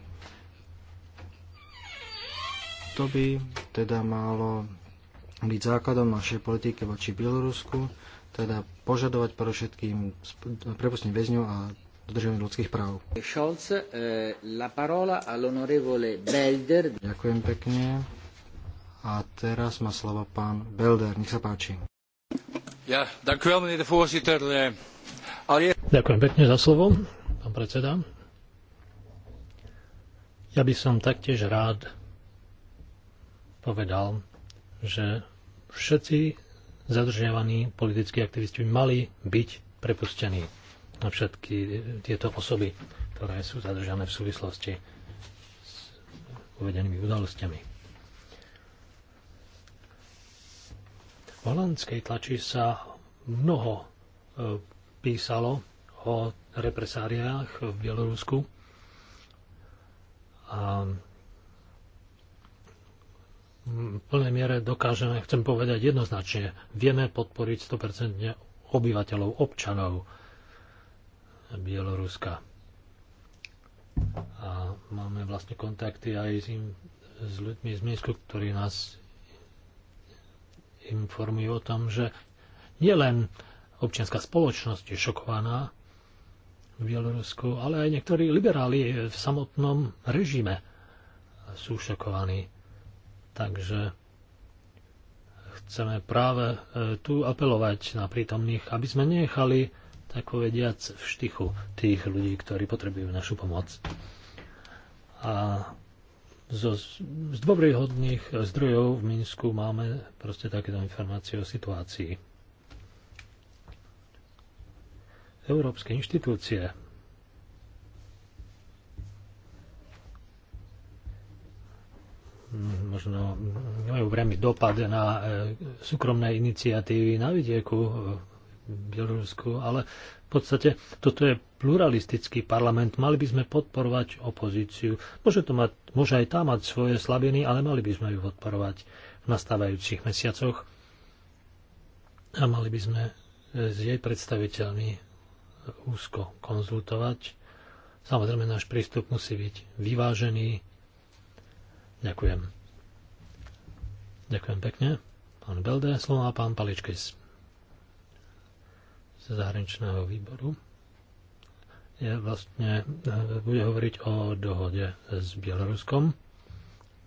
To by teda malo byť základom našej politiky voči Bielorusku, teda požadovať pre všetkým prepustenie väzňov a dodržovanie ľudských práv. Scholz, eh, la parola all'onorevole Belder. Ďakujem pekne. A teraz má slovo pán Belder. Nech sa páči. Ja, ďakujem, meneer eh, Ďakujem pekne za slovo, pán predseda. Ja by som taktiež rád povedal, že všetci zadržiavaní politickí aktivisti mali byť prepustení na všetky tieto osoby, ktoré sú zadržané v súvislosti s uvedenými udalostiami. V holandskej tlači sa mnoho e, písalo o represáriách v Bielorusku a v plnej miere dokážeme, chcem povedať jednoznačne, vieme podporiť 100% obyvateľov, občanov Bieloruska. A máme vlastne kontakty aj s, im, s ľuďmi z Minsku, ktorí nás informujú o tom, že nielen občianská spoločnosť je šokovaná, v Bielorusku, ale aj niektorí liberáli v samotnom režime sú šokovaní. Takže chceme práve e, tu apelovať na prítomných, aby sme nechali tak povediac v štychu tých ľudí, ktorí potrebujú našu pomoc. A zo, z dôveryhodných zdrojov v Minsku máme proste takéto informácie o situácii. európske inštitúcie možno nemajú priamy dopad na e, súkromné iniciatívy na vidieku e, v Bielorusku, ale v podstate toto je pluralistický parlament. Mali by sme podporovať opozíciu. Môže, to mať, môže aj tá mať svoje slabiny, ale mali by sme ju podporovať v nastávajúcich mesiacoch a mali by sme e, s jej predstaviteľmi úzko konzultovať. Samozrejme, náš prístup musí byť vyvážený. Ďakujem. Ďakujem pekne. Pán Belde, slovo a pán Paličkis z zahraničného výboru. Je vlastne, eh, bude hovoriť o dohode s Bieloruskom,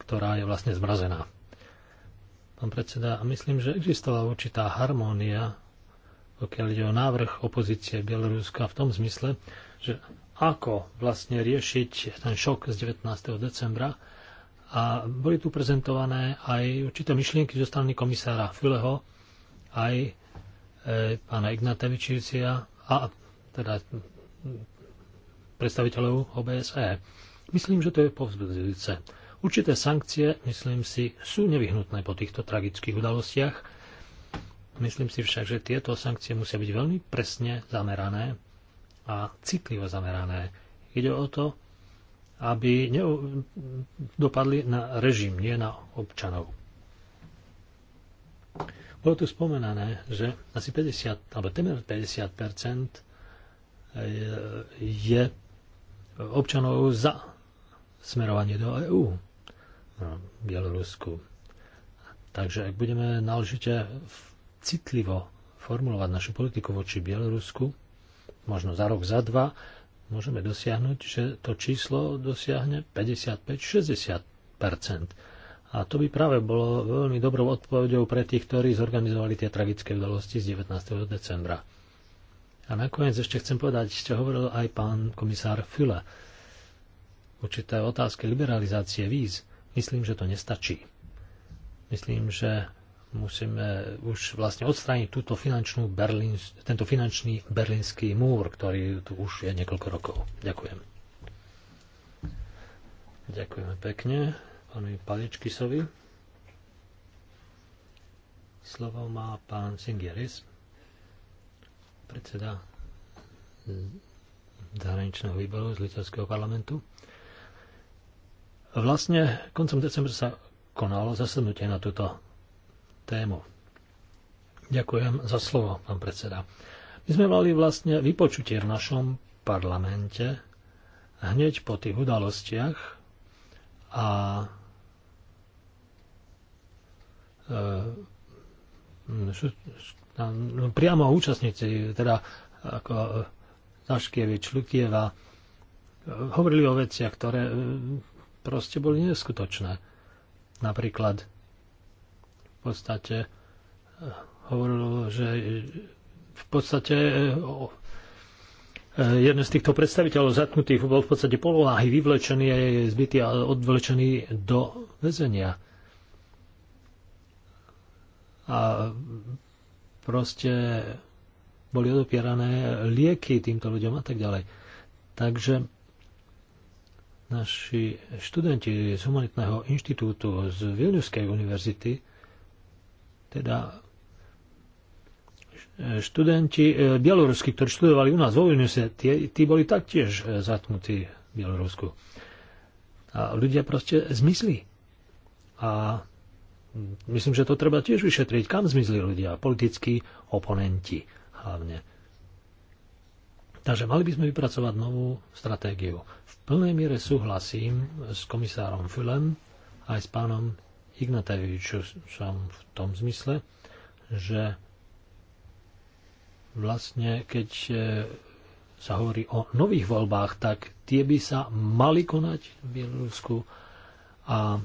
ktorá je vlastne zmrazená. Pán predseda, myslím, že existovala určitá harmónia pokiaľ ide o návrh opozície Bieloruska v tom zmysle, že ako vlastne riešiť ten šok z 19. decembra. A boli tu prezentované aj určité myšlienky zo strany komisára Fileho, aj e, pána Ignatevičícia a teda predstaviteľov OBSE. Myslím, že to je povzbudzujúce. Určité sankcie, myslím si, sú nevyhnutné po týchto tragických udalostiach, Myslím si však, že tieto sankcie musia byť veľmi presne zamerané a citlivo zamerané. Ide o to, aby ne, dopadli na režim, nie na občanov. Bolo tu spomenané, že asi 50, alebo temer 50 eh, je občanov za smerovanie do EÚ v Bielorusku. Takže ak budeme náležite citlivo formulovať našu politiku voči Bielorusku, možno za rok, za dva, môžeme dosiahnuť, že to číslo dosiahne 55-60 A to by práve bolo veľmi dobrou odpovedou pre tých, ktorí zorganizovali tie tragické udalosti z 19. decembra. A nakoniec ešte chcem povedať, čo hovoril aj pán komisár Füle. Určité otázky liberalizácie víz. Myslím, že to nestačí. Myslím, že musíme už vlastne odstrániť túto finančnú Berlín, tento finančný berlínsky múr, ktorý tu už je niekoľko rokov. Ďakujem. Ďakujeme pekne pánovi Paličkisovi. Slovo má pán Singeris, predseda zahraničného výboru z Litovského parlamentu. Vlastne koncom decembra sa konalo zasadnutie na túto tému. Ďakujem za slovo, pán predseda. My sme mali vlastne vypočutie v našom parlamente hneď po tých udalostiach a e, priamo účastníci, teda ako e, Zaškievič, Lukieva, e, hovorili o veciach, ktoré proste boli neskutočné. Napríklad podstate eh, hovoril, že v podstate eh, eh, jeden z týchto predstaviteľov zatknutých bol v podstate polováhy vyvlečený a je zbytý a odvlečený do väzenia. A proste boli odopierané lieky týmto ľuďom a tak ďalej. Takže naši študenti z Humanitného inštitútu z Vilniuskej univerzity teda e, študenti e, bieloruskí, ktorí študovali u nás vo Vilniuse, tí, tí boli taktiež e, zatknutí v Bielorusku. A ľudia proste zmizli. A myslím, že to treba tiež vyšetriť. Kam zmizli ľudia? Politickí oponenti hlavne. Takže mali by sme vypracovať novú stratégiu. V plnej miere súhlasím s komisárom Fülem aj s pánom som v tom zmysle, že vlastne keď e, sa hovorí o nových voľbách, tak tie by sa mali konať v Bielorusku a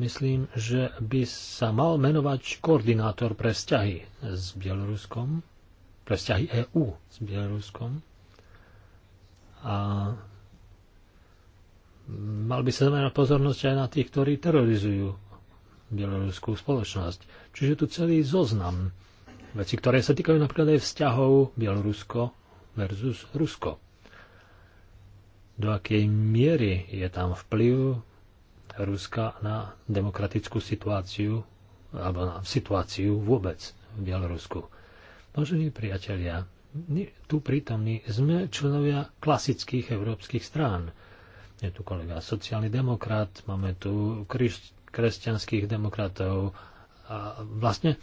myslím, že by sa mal menovať koordinátor pre vzťahy s Bieloruskom, pre vzťahy EÚ s Bieloruskom a mal by sa zamerať pozornosť aj na tých, ktorí terorizujú bieloruskú spoločnosť. Čiže tu celý zoznam veci, ktoré sa týkajú napríklad aj vzťahov Bielorusko versus Rusko. Do akej miery je tam vplyv Ruska na demokratickú situáciu alebo na situáciu vôbec v Bielorusku. Vážení priatelia, tu prítomní sme členovia klasických európskych strán. Je tu kolega sociálny demokrat, máme tu kresťanských demokratov a vlastne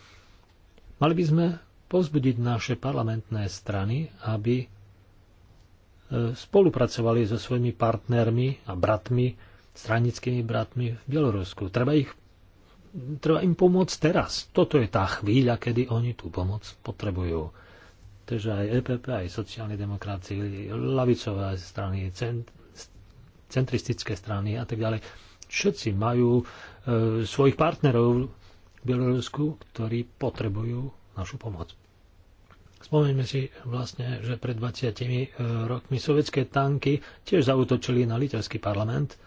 mali by sme pozbudiť naše parlamentné strany, aby e, spolupracovali so svojimi partnermi a bratmi, stranickými bratmi v Bielorusku. Treba ich treba im pomôcť teraz. Toto je tá chvíľa, kedy oni tú pomoc potrebujú. Takže aj EPP, aj sociálni demokracii, lavicové strany, cent, centristické strany a tak ďalej. Všetci majú e, svojich partnerov v Bielorusku, ktorí potrebujú našu pomoc. Spomeňme si vlastne, že pred 20 e, rokmi sovietské tanky tiež zautočili na litevský parlament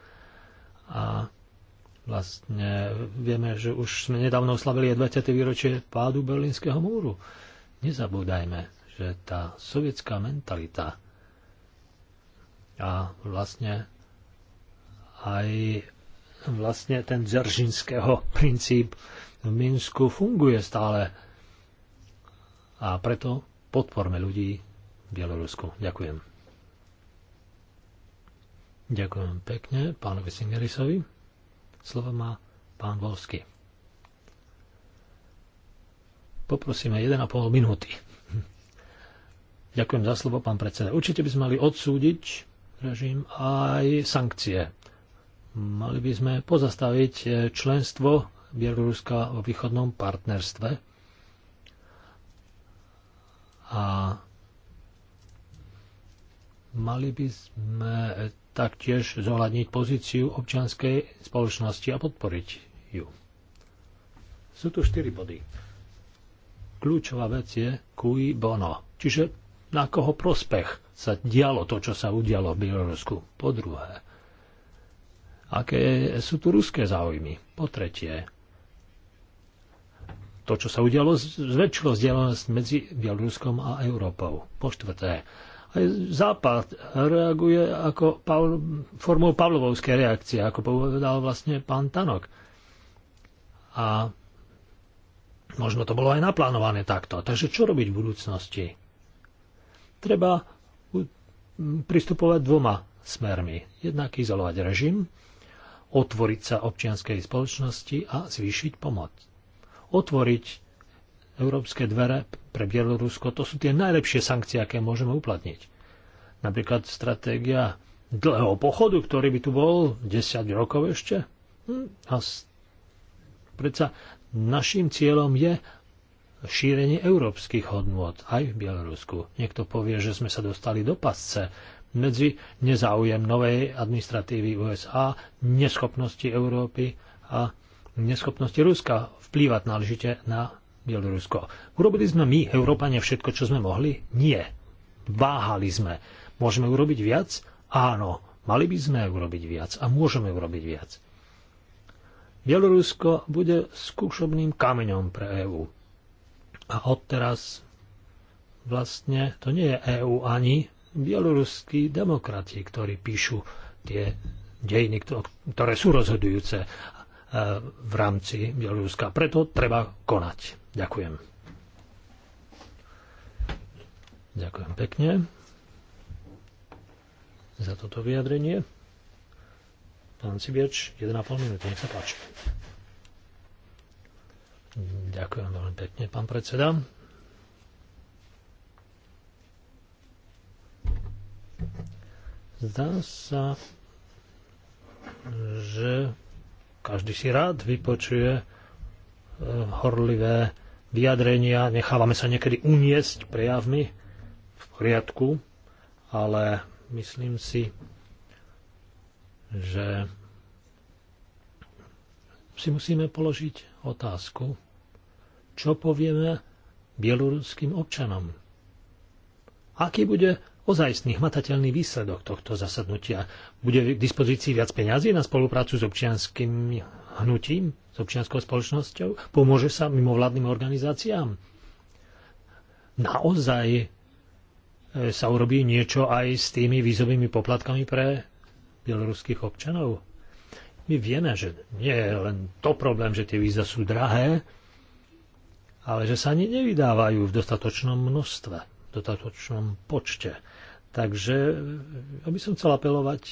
a vlastne vieme, že už sme nedávno oslavili 20. výročie pádu Berlínskeho múru. Nezabúdajme, že tá sovietská mentalita a vlastne aj vlastne ten dzeržinského princíp v Minsku funguje stále. A preto podporme ľudí v Bielorusku. Ďakujem. Ďakujem pekne pánovi Singerisovi. Slovo má pán Volsky. Poprosíme 1,5 minúty. Ďakujem za slovo, pán predseda. Určite by sme mali odsúdiť režim aj sankcie. Mali by sme pozastaviť e, členstvo Bieloruska o východnom partnerstve. A mali by sme e, taktiež zohľadniť pozíciu občianskej spoločnosti a podporiť ju. Sú tu štyri body. Kľúčová vec je cui bono, čiže na koho prospech sa dialo to, čo sa udialo v Bielorusku. Po druhé, aké sú tu ruské záujmy. Po tretie, to, čo sa udialo, zväčšilo vzdialenosť medzi Bieloruskom a Európou. Po štvrté, aj Západ reaguje ako Pavl, formou pavlovovskej reakcie, ako povedal vlastne pán Tanok. A možno to bolo aj naplánované takto. Takže čo robiť v budúcnosti? treba pristupovať dvoma smermi. Jednak izolovať režim, otvoriť sa občianskej spoločnosti a zvýšiť pomoc. Otvoriť európske dvere pre Bielorusko, to sú tie najlepšie sankcie, aké môžeme uplatniť. Napríklad stratégia dlhého pochodu, ktorý by tu bol 10 rokov ešte. Hm, a predsa našim cieľom je šírenie európskych hodnôt aj v Bielorusku. Niekto povie, že sme sa dostali do pasce medzi nezáujem novej administratívy USA, neschopnosti Európy a neschopnosti Ruska vplývať náležite na Bielorusko. Urobili sme my, Európane, všetko, čo sme mohli? Nie. Váhali sme. Môžeme urobiť viac? Áno. Mali by sme urobiť viac a môžeme urobiť viac. Bielorusko bude skúšobným kameňom pre EÚ. A odteraz vlastne to nie je EÚ ani bieloruskí demokrati, ktorí píšu tie dejiny, ktoré sú rozhodujúce e, v rámci Bieloruska. Preto treba konať. Ďakujem. Ďakujem pekne za toto vyjadrenie. Pán Cibieč, 1,5 minúty, nech sa páči. Ďakujem veľmi pekne, pán predseda. Zdá sa, že každý si rád vypočuje eh, horlivé vyjadrenia, nechávame sa niekedy uniesť prejavmi v poriadku, ale myslím si, že si musíme položiť otázku, čo povieme bieloruským občanom. Aký bude ozajstný hmatateľný výsledok tohto zasadnutia? Bude k dispozícii viac peňazí na spoluprácu s občianským hnutím, s občianskou spoločnosťou? Pomôže sa mimovládnym organizáciám? Naozaj e, sa urobí niečo aj s tými vízovými poplatkami pre bieloruských občanov? My vieme, že nie je len to problém, že tie víza sú drahé, ale že sa ani nevydávajú v dostatočnom množstve, v dostatočnom počte. Takže ja by som chcel apelovať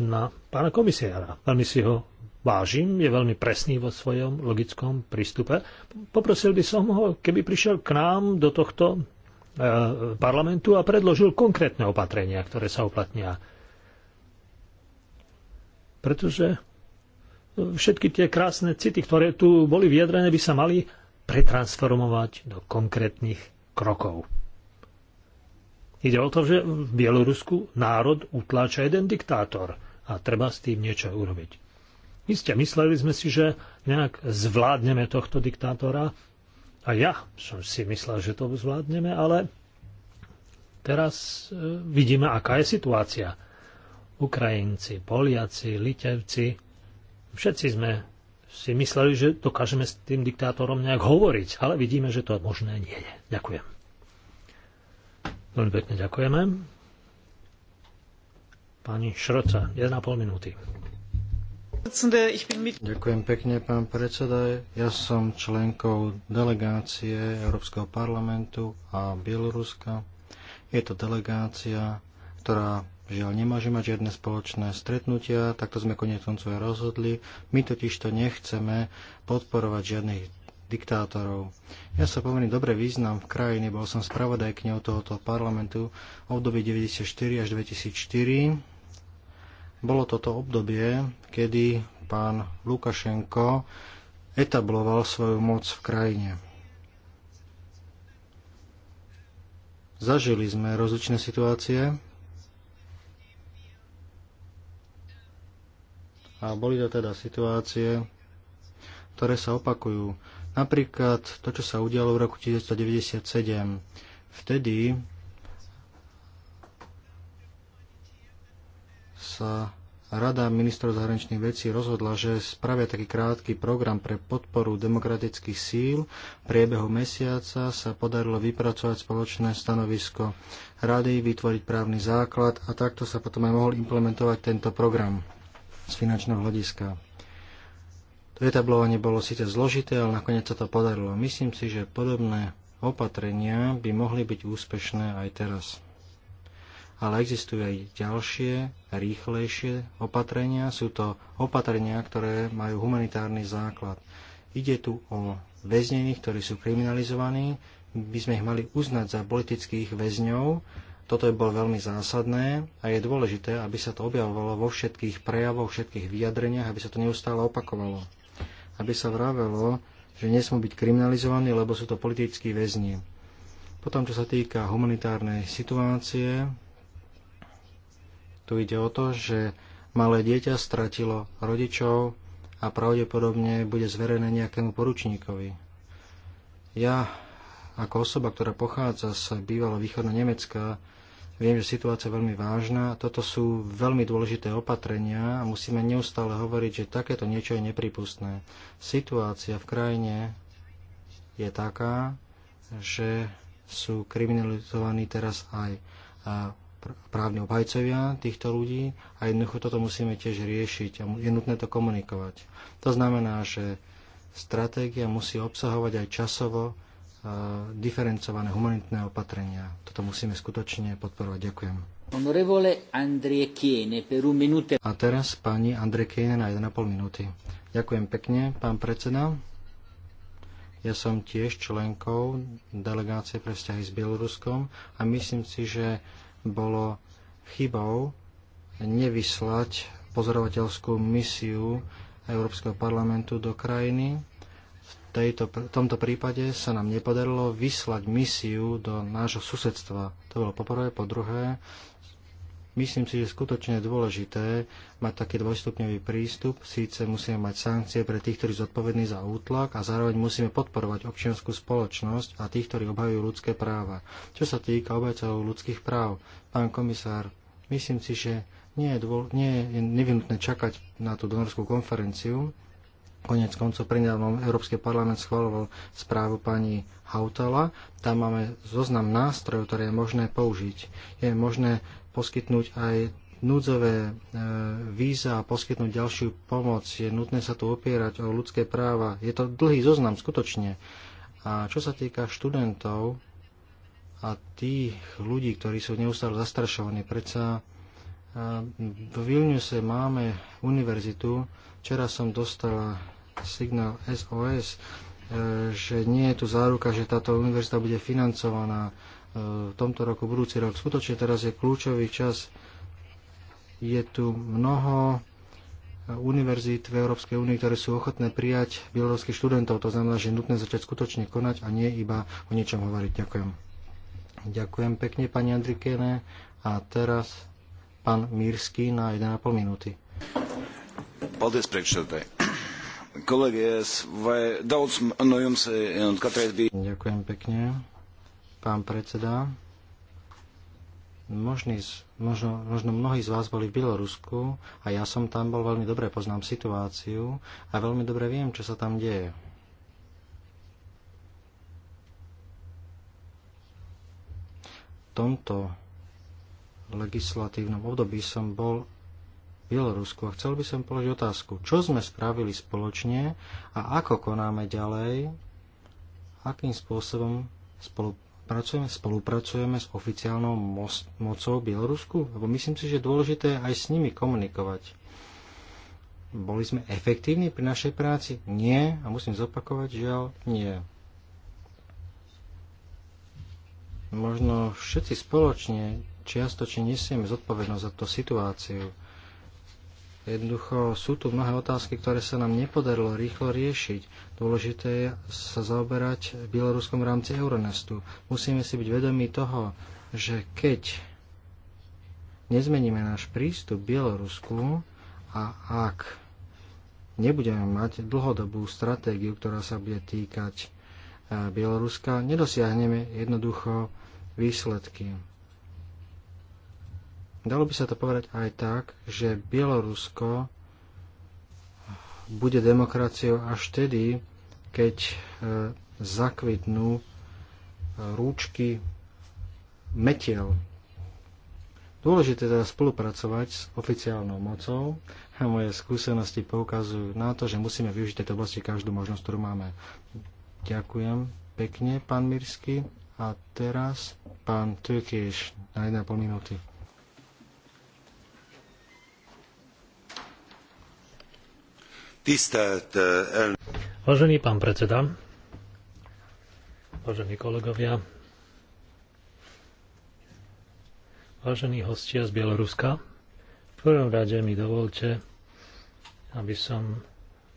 na pána komisiára. Veľmi si ho vážim, je veľmi presný vo svojom logickom prístupe. Poprosil by som ho, keby prišiel k nám do tohto eh, parlamentu a predložil konkrétne opatrenia, ktoré sa uplatnia pretože e, všetky tie krásne city, ktoré tu boli vyjadrené, by sa mali pretransformovať do konkrétnych krokov. Ide o to, že v Bielorusku národ utláča jeden diktátor a treba s tým niečo urobiť. Isté, mysleli sme si, že nejak zvládneme tohto diktátora a ja som si myslel, že to zvládneme, ale teraz e, vidíme, aká je situácia. Ukrajinci, Poliaci, Litevci, všetci sme si mysleli, že dokážeme s tým diktátorom nejak hovoriť, ale vidíme, že to možné nie je. Ďakujem. Veľmi pekne ďakujeme. Pani Šroca, 1,5 minúty. Ďakujem pekne, pán predseda. Ja som členkou delegácie Európskeho parlamentu a Bieloruska. Je to delegácia, ktorá Žiaľ, nemôže mať žiadne spoločné stretnutia, takto sme konec koncov rozhodli. My totiž to nechceme podporovať žiadnych diktátorov. Ja sa pomerne dobre význam v krajine, bol som spravodajkňou tohoto parlamentu v období 1994 až 2004. Bolo toto obdobie, kedy pán Lukašenko etabloval svoju moc v krajine. Zažili sme rozličné situácie, A boli to teda situácie, ktoré sa opakujú. Napríklad to, čo sa udialo v roku 1997. Vtedy sa Rada ministrov zahraničných vecí rozhodla, že spravia taký krátky program pre podporu demokratických síl. V priebehu mesiaca sa podarilo vypracovať spoločné stanovisko rady, vytvoriť právny základ a takto sa potom aj mohol implementovať tento program z finančného hľadiska. To etablovanie bolo síce zložité, ale nakoniec sa to podarilo. Myslím si, že podobné opatrenia by mohli byť úspešné aj teraz. Ale existujú aj ďalšie, rýchlejšie opatrenia. Sú to opatrenia, ktoré majú humanitárny základ. Ide tu o väznených, ktorí sú kriminalizovaní. By sme ich mali uznať za politických väzňov, toto je bolo veľmi zásadné a je dôležité, aby sa to objavovalo vo všetkých prejavoch, všetkých vyjadreniach, aby sa to neustále opakovalo. Aby sa vravelo, že nesmú byť kriminalizovaní, lebo sú to politickí väzni. Potom, čo sa týka humanitárnej situácie, tu ide o to, že malé dieťa stratilo rodičov a pravdepodobne bude zverené nejakému poručníkovi. Ja, ako osoba, ktorá pochádza z bývalo východného Nemecka, Viem, že situácia je veľmi vážna. Toto sú veľmi dôležité opatrenia a musíme neustále hovoriť, že takéto niečo je nepripustné. Situácia v krajine je taká, že sú kriminalizovaní teraz aj právne obhajcovia týchto ľudí a jednoducho toto musíme tiež riešiť a je nutné to komunikovať. To znamená, že stratégia musí obsahovať aj časovo Eh, diferencované humanitné opatrenia. Toto musíme skutočne podporovať. Ďakujem. A teraz pani Andrej Kiene na 1,5 minúty. Ďakujem pekne, pán predseda. Ja som tiež členkou delegácie pre vzťahy s Bieloruskom a myslím si, že bolo chybou nevyslať pozorovateľskú misiu Európskeho parlamentu do krajiny, tejto, v tomto prípade sa nám nepodarilo vyslať misiu do nášho susedstva. To bolo poprvé. Po druhé, myslím si, že skutočne je dôležité mať taký dvojstupňový prístup. Síce musíme mať sankcie pre tých, ktorí sú zodpovední za útlak a zároveň musíme podporovať občianskú spoločnosť a tých, ktorí obhajujú ľudské práva. Čo sa týka obhajcov ľudských práv, pán komisár, myslím si, že nie je, dôl, nie je nevinutné čakať na tú donorskú konferenciu, Konec koncov prinedávnom Európsky parlament schváloval správu pani Hautala. Tam máme zoznam nástrojov, ktoré je možné použiť. Je možné poskytnúť aj núdzové e, víza a poskytnúť ďalšiu pomoc. Je nutné sa tu opierať o ľudské práva. Je to dlhý zoznam, skutočne. A čo sa týka študentov a tých ľudí, ktorí sú neustále zastrašovaní, predsa e, v Vilniuse máme univerzitu, Včera som dostala signál SOS, e, že nie je tu záruka, že táto univerzita bude financovaná e, v tomto roku, budúci rok. Skutočne teraz je kľúčový čas. Je tu mnoho univerzít v Európskej únii, ktoré sú ochotné prijať bieloruských študentov. To znamená, že je nutné začať skutočne konať a nie iba o niečom hovoriť. Ďakujem. Ďakujem pekne, pani Andrikene. A teraz pán Mírsky na 1,5 minúty. Paldies, priekšsēdētāji. Kolēģies, vai daudz no jums eh, katrais bija? Ďakujem pekne. Pán predseda, možný, možno, možno mnohí z vás boli v Bielorusku a ja som tam bol, veľmi dobre poznám situáciu a veľmi dobre viem, čo sa tam deje. V tomto legislatívnom období som bol Bielorusku. A chcel by som položiť otázku, čo sme spravili spoločne a ako konáme ďalej, akým spôsobom spolupracujeme, spolupracujeme s oficiálnou mocou Bielorusku? Lebo myslím si, že je dôležité aj s nimi komunikovať. Boli sme efektívni pri našej práci? Nie. A musím zopakovať, že nie. Možno všetci spoločne čiastočne nesieme zodpovednosť za tú situáciu. Jednoducho sú tu mnohé otázky, ktoré sa nám nepodarilo rýchlo riešiť. Dôležité je sa zaoberať v bieloruskom rámci Euronestu. Musíme si byť vedomí toho, že keď nezmeníme náš prístup Bielorusku a ak nebudeme mať dlhodobú stratégiu, ktorá sa bude týkať eh, Bieloruska, nedosiahneme jednoducho výsledky. Dalo by sa to povedať aj tak, že Bielorusko bude demokraciou až vtedy, keď e, zakvitnú e, rúčky metiel. Dôležité teda spolupracovať s oficiálnou mocou a moje skúsenosti poukazujú na to, že musíme využiť tejto oblasti každú možnosť, ktorú máme. Ďakujem pekne, pán Mirsky. A teraz pán Tökiš na 1,5 minúty. Eh, Vážený pán predseda, vážení kolegovia, vážení hostia z Bieloruska, v prvom rade mi dovolte, aby som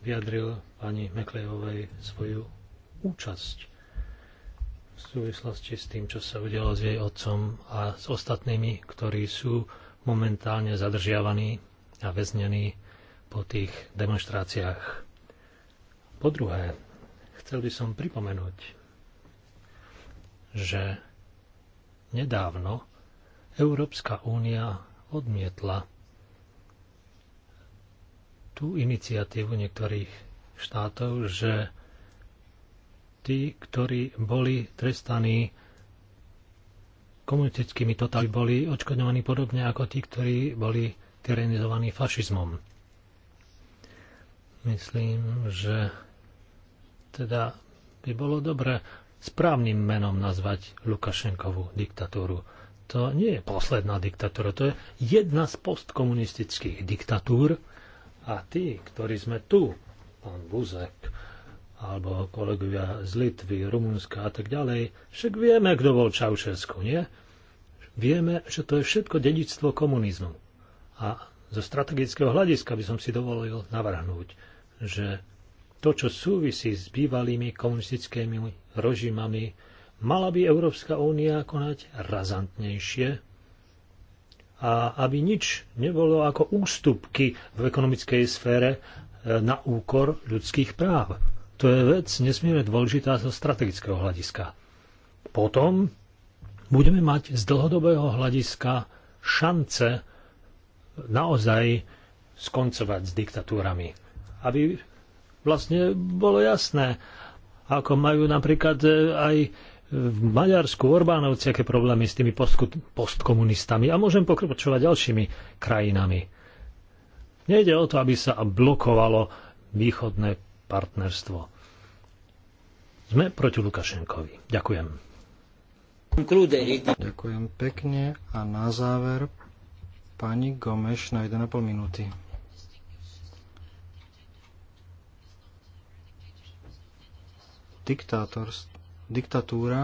vyjadril pani Meklejovej svoju účasť v súvislosti s tým, čo sa udialo s jej otcom a s ostatnými, ktorí sú momentálne zadržiavaní a väznení po tých demonstráciách. Po druhé, chcel by som pripomenúť, že nedávno Európska únia odmietla tú iniciatívu niektorých štátov, že tí, ktorí boli trestaní komunistickými totali, boli odškodňovaní podobne ako tí, ktorí boli tyranizovaní fašizmom. Myslím, že teda by bolo dobre správnym menom nazvať Lukašenkovú diktatúru. To nie je posledná diktatúra, to je jedna z postkomunistických diktatúr a tí, ktorí sme tu, pán Buzek, alebo kolegovia z Litvy, Rumunska a tak ďalej, však vieme, kto bol Čaušesku, nie? Vieme, že to je všetko dedičstvo komunizmu. A zo strategického hľadiska by som si dovolil navrhnúť, že to, čo súvisí s bývalými komunistickými režimami, mala by Európska únia konať razantnejšie a aby nič nebolo ako ústupky v ekonomickej sfére e, na úkor ľudských práv. To je vec nesmierne dôležitá zo strategického hľadiska. Potom budeme mať z dlhodobého hľadiska šance naozaj skoncovať s diktatúrami aby vlastne bolo jasné, ako majú napríklad e, aj v Maďarsku, Orbánovci, aké problémy s tými postkomunistami. A môžem pokračovať ďalšími krajinami. Nejde o to, aby sa blokovalo východné partnerstvo. Sme proti Lukašenkovi. Ďakujem. Ďakujem pekne a na záver pani Gomeš na 1,5 minúty. diktatúra,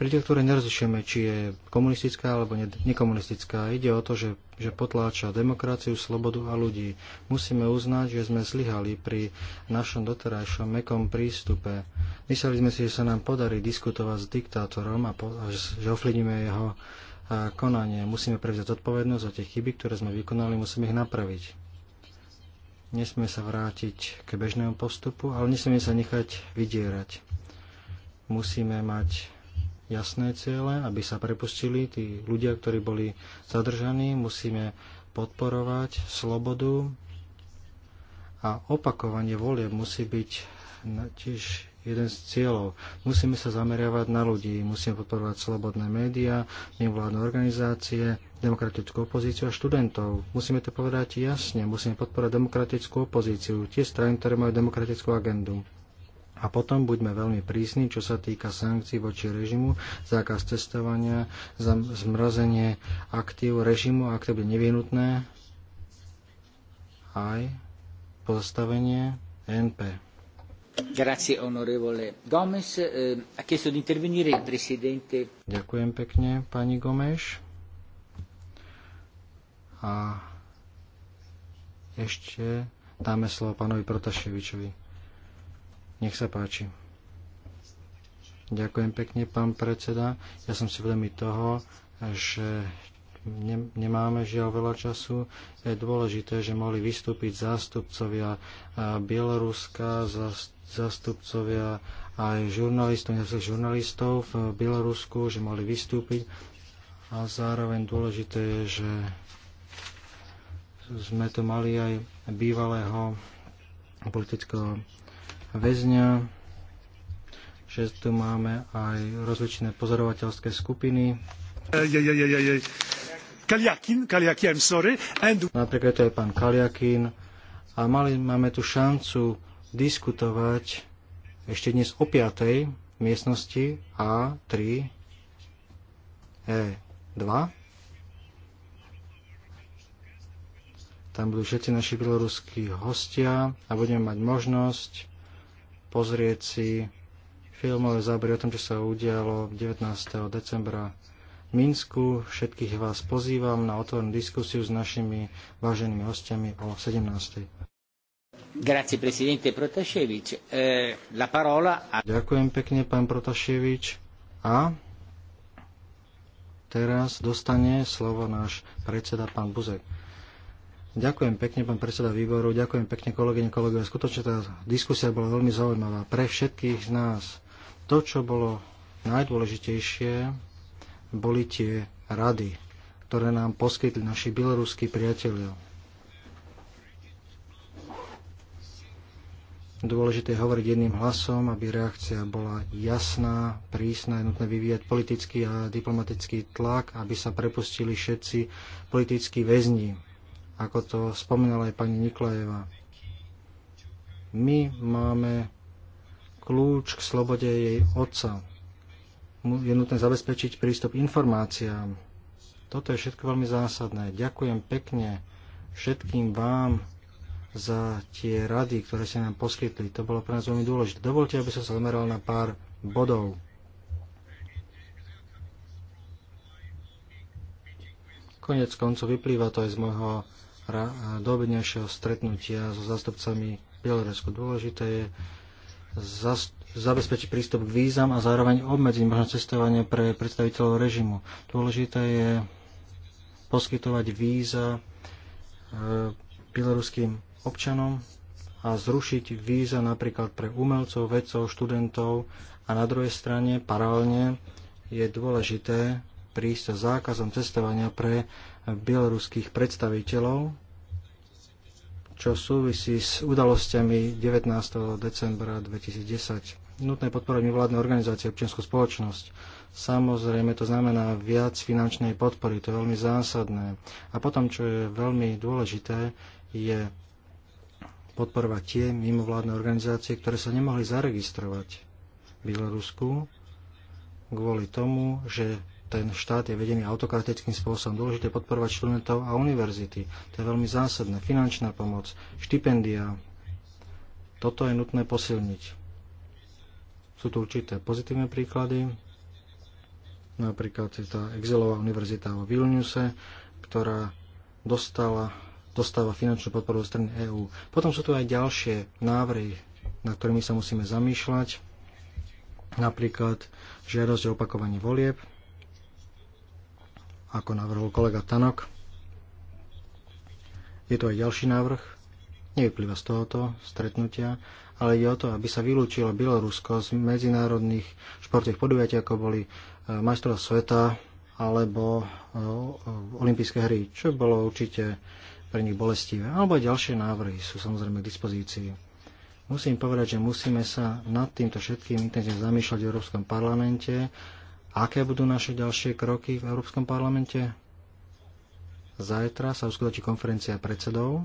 pri ktorej nerozlišujeme, či je komunistická alebo ne, nekomunistická. Ide o to, že, že potláča demokraciu, slobodu a ľudí. Musíme uznať, že sme zlyhali pri našom doterajšom mekom prístupe. Mysleli sme si, že sa nám podarí diskutovať s diktátorom a, po, a že ovplyvníme jeho konanie. Musíme prevziať zodpovednosť za tie chyby, ktoré sme vykonali, musíme ich napraviť. Nesmieme sa vrátiť k bežnému postupu, ale nesmie sa nechať vydierať. Musíme mať jasné ciele, aby sa prepustili tí ľudia, ktorí boli zadržaní. Musíme podporovať slobodu a opakovanie volie musí byť tiež jeden z cieľov. Musíme sa zameriavať na ľudí, musíme podporovať slobodné médiá, nevládne organizácie, demokratickú opozíciu a študentov. Musíme to povedať jasne, musíme podporovať demokratickú opozíciu, tie strany, ktoré majú demokratickú agendu. A potom buďme veľmi prísni, čo sa týka sankcií voči režimu, zákaz cestovania, zmrazenie aktív režimu, ak to bude nevyhnutné, aj pozastavenie NP. Grazie, eh, Ďakujem pekne, pani Gomes. A ešte dáme slovo pánovi Protaševičovi. Nech sa páči. Ďakujem pekne, pán predseda. Ja som si vedomý toho, že ne, nemáme žiaľ veľa času. Je dôležité, že mohli vystúpiť zástupcovia Bieloruska, zástupcovia aj žurnalistov, žurnalistov v Bielorusku, že mohli vystúpiť. A zároveň dôležité je, že sme tu mali aj bývalého politického väzňa, že tu máme aj rozličné pozorovateľské skupiny. Ej, ej, ej, ej, ej. Kaliakin, Kaliaki, I'm sorry. And... Napríklad to je pán Kaliakin a mali, máme tu šancu diskutovať ešte dnes o 5. miestnosti A3 E2. Tam budú všetci naši bieloruskí hostia a budeme mať možnosť pozrieť si filmové zábery o tom, čo sa udialo 19. decembra Minsku. Všetkých vás pozývam na otvorenú diskusiu s našimi váženými hostiami o 17. Grazie, presidente Protasevič. E, la parola Ďakujem pekne, pán Protasevič. A teraz dostane slovo náš predseda, pán Buzek. Ďakujem pekne, pán predseda výboru, ďakujem pekne kolegyne, kolegovia. Skutočne tá diskusia bola veľmi zaujímavá pre všetkých z nás. To, čo bolo najdôležitejšie, boli tie rady, ktoré nám poskytli naši bieloruskí priatelia. Dôležité je hovoriť jedným hlasom, aby reakcia bola jasná, prísna, je nutné vyvíjať politický a diplomatický tlak, aby sa prepustili všetci politickí väzni, ako to spomínala aj pani Niklajeva. My máme kľúč k slobode jej otca je nutné zabezpečiť prístup k informáciám. Toto je všetko veľmi zásadné. Ďakujem pekne všetkým vám za tie rady, ktoré ste nám poskytli. To bolo pre nás veľmi dôležité. Dovolte, aby som sa zameral na pár bodov. Konec koncov vyplýva to aj z môjho doobednejšieho stretnutia so zástupcami Bielorusku. Dôležité je zast- zabezpečiť prístup k vízam a zároveň obmedziť možno cestovanie pre predstaviteľov režimu. Dôležité je poskytovať víza e, bieloruským občanom a zrušiť víza napríklad pre umelcov, vedcov, študentov a na druhej strane paralelne je dôležité prísť sa zákazom cestovania pre bieloruských predstaviteľov čo súvisí s udalosťami 19. decembra 2010. Nutné podporovať mimovládne organizácie občianskú spoločnosť. Samozrejme, to znamená viac finančnej podpory, to je veľmi zásadné. A potom, čo je veľmi dôležité, je podporovať tie mimovládne organizácie, ktoré sa nemohli zaregistrovať v Bielorusku kvôli tomu, že ten štát je vedený autokratickým spôsobom. Dôležité podporovať študentov a univerzity. To je veľmi zásadné. Finančná pomoc, štipendia. Toto je nutné posilniť. Sú tu určité pozitívne príklady. Napríklad je tá Exilová univerzita vo Vilniuse, ktorá dostala, dostáva finančnú podporu zo strany EÚ. Potom sú tu aj ďalšie návrhy, na ktorými sa musíme zamýšľať. Napríklad žiadosť o opakovanie volieb, ako navrhol kolega Tanok. Je to aj ďalší návrh, nevyplýva z tohoto stretnutia, ale ide o to, aby sa vylúčilo Bielorusko z medzinárodných športových podujatí, ako boli e, majstrov sveta alebo e, olympijské hry, čo bolo určite pre nich bolestivé. Alebo aj ďalšie návrhy sú samozrejme k dispozícii. Musím povedať, že musíme sa nad týmto všetkým intenzívne zamýšľať v Európskom parlamente Aké budú naše ďalšie kroky v Európskom parlamente? Zajtra sa uskutočí konferencia predsedov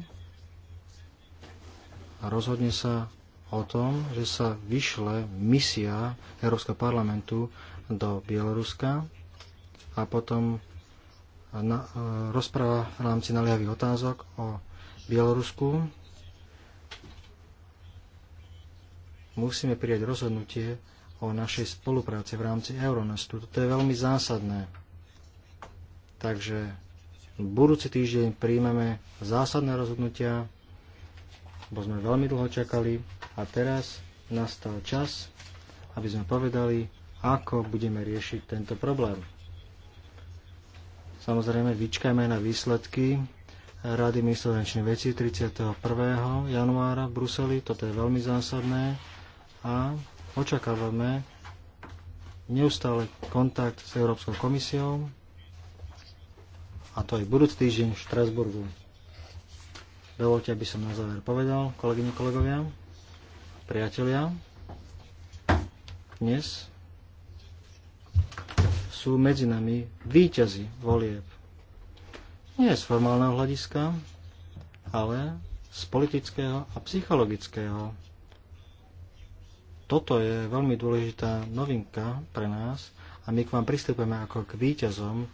a rozhodne sa o tom, že sa vyšle misia Európskeho parlamentu do Bieloruska a potom na, e, rozpráva v rámci naliehavých otázok o Bielorusku. Musíme prijať rozhodnutie o našej spolupráci v rámci Euronestu. Toto je veľmi zásadné. Takže v budúci týždeň príjmeme zásadné rozhodnutia, bo sme veľmi dlho čakali a teraz nastal čas, aby sme povedali, ako budeme riešiť tento problém. Samozrejme, vyčkajme na výsledky Rady ministrov zahraničných vecí 31. januára v Bruseli. Toto je veľmi zásadné. A Očakávame neustále kontakt s Európskou komisiou a to aj budúci týždeň v Štrasburgu. Dovolte, aby som na záver povedal, kolegyne, kolegovia, priatelia, dnes sú medzi nami výťazi volieb. Nie z formálneho hľadiska, ale z politického a psychologického. Toto je veľmi dôležitá novinka pre nás a my k vám pristupujeme ako k víťazom,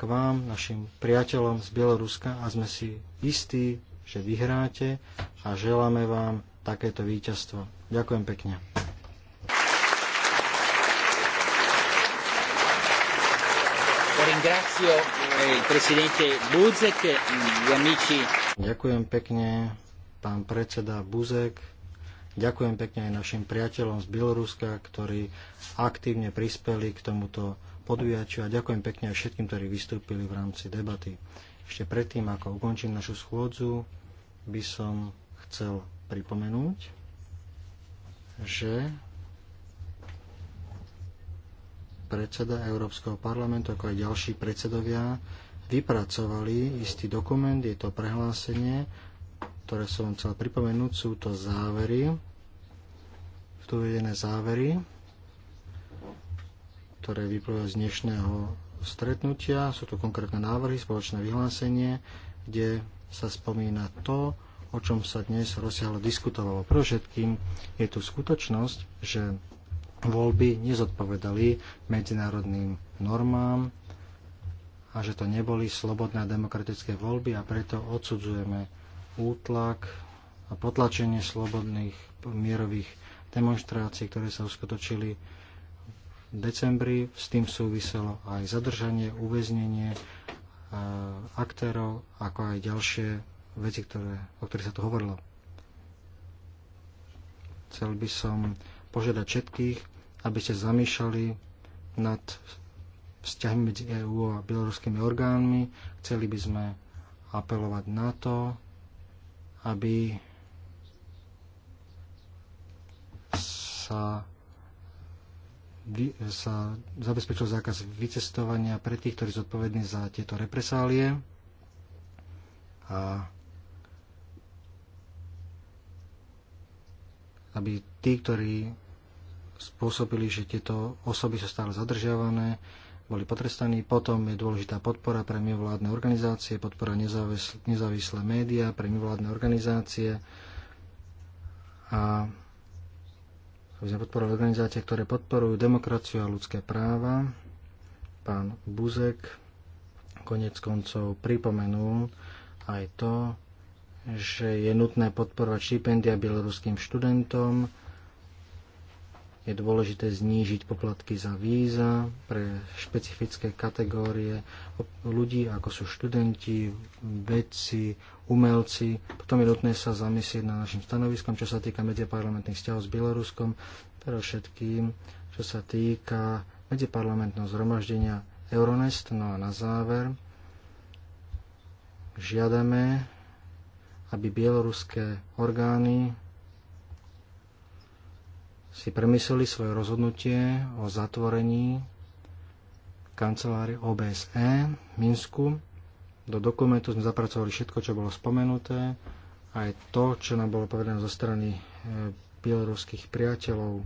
k vám, našim priateľom z Bieloruska a sme si istí, že vyhráte a želáme vám takéto víťazstvo. Ďakujem pekne. Eh, e Ďakujem pekne, pán predseda Buzek, Ďakujem pekne aj našim priateľom z Bieloruska, ktorí aktívne prispeli k tomuto podujaču a ďakujem pekne aj všetkým, ktorí vystúpili v rámci debaty. Ešte predtým, ako ukončím našu schôdzu, by som chcel pripomenúť, že predseda Európskeho parlamentu, ako aj ďalší predsedovia, vypracovali istý dokument, je to prehlásenie ktoré som vám chcel pripomenúť. Sú to závery, tu uvedené závery, ktoré vyplývajú z dnešného stretnutia. Sú to konkrétne návrhy, spoločné vyhlásenie, kde sa spomína to, o čom sa dnes rozsiahlo diskutovalo. Pre všetkým je tu skutočnosť, že voľby nezodpovedali medzinárodným normám a že to neboli slobodné demokratické voľby a preto odsudzujeme útlak a potlačenie slobodných mierových demonstrácií, ktoré sa uskutočili v decembri. S tým súviselo aj zadržanie, uväznenie e, aktérov, ako aj ďalšie veci, ktoré, o ktorých sa tu hovorilo. Chcel by som požiadať všetkých, aby ste zamýšľali nad vzťahmi medzi EÚ a bieloruskými orgánmi. Chceli by sme apelovať na to, aby sa, sa zabezpečil zákaz vycestovania pre tých, ktorí sú za tieto represálie. A aby tí, ktorí spôsobili, že tieto osoby sa stále zadržiavané, boli potrestaní. Potom je dôležitá podpora pre mimovládne organizácie, podpora nezávislé, nezávislé médiá pre mimovládne organizácie a aby sme podporovali organizácie, ktoré podporujú demokraciu a ľudské práva. Pán Buzek konec koncov pripomenul aj to, že je nutné podporovať štipendia bieloruským študentom, je dôležité znížiť poplatky za víza pre špecifické kategórie ľudí, ako sú študenti, vedci, umelci. Potom je nutné sa zamyslieť na našim stanoviskom, čo sa týka medziparlamentných vzťahov s Bieloruskom, pre všetkým, čo sa týka medziparlamentného zhromaždenia Euronest. No a na záver žiadame, aby bieloruské orgány si premysleli svoje rozhodnutie o zatvorení kancelárie OBSE v Minsku. Do dokumentu sme zapracovali všetko, čo bolo spomenuté, aj to, čo nám bolo povedané zo strany e, bieloruských priateľov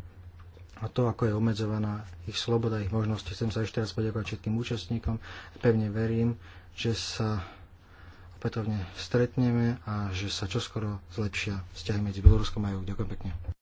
a to, ako je obmedzovaná ich sloboda, ich možnosti. Chcem sa ešte raz poďakovať všetkým účastníkom. Pevne verím, že sa opätovne stretneme a že sa čoskoro zlepšia vzťahy medzi Bieloruskom a EU. Ďakujem pekne.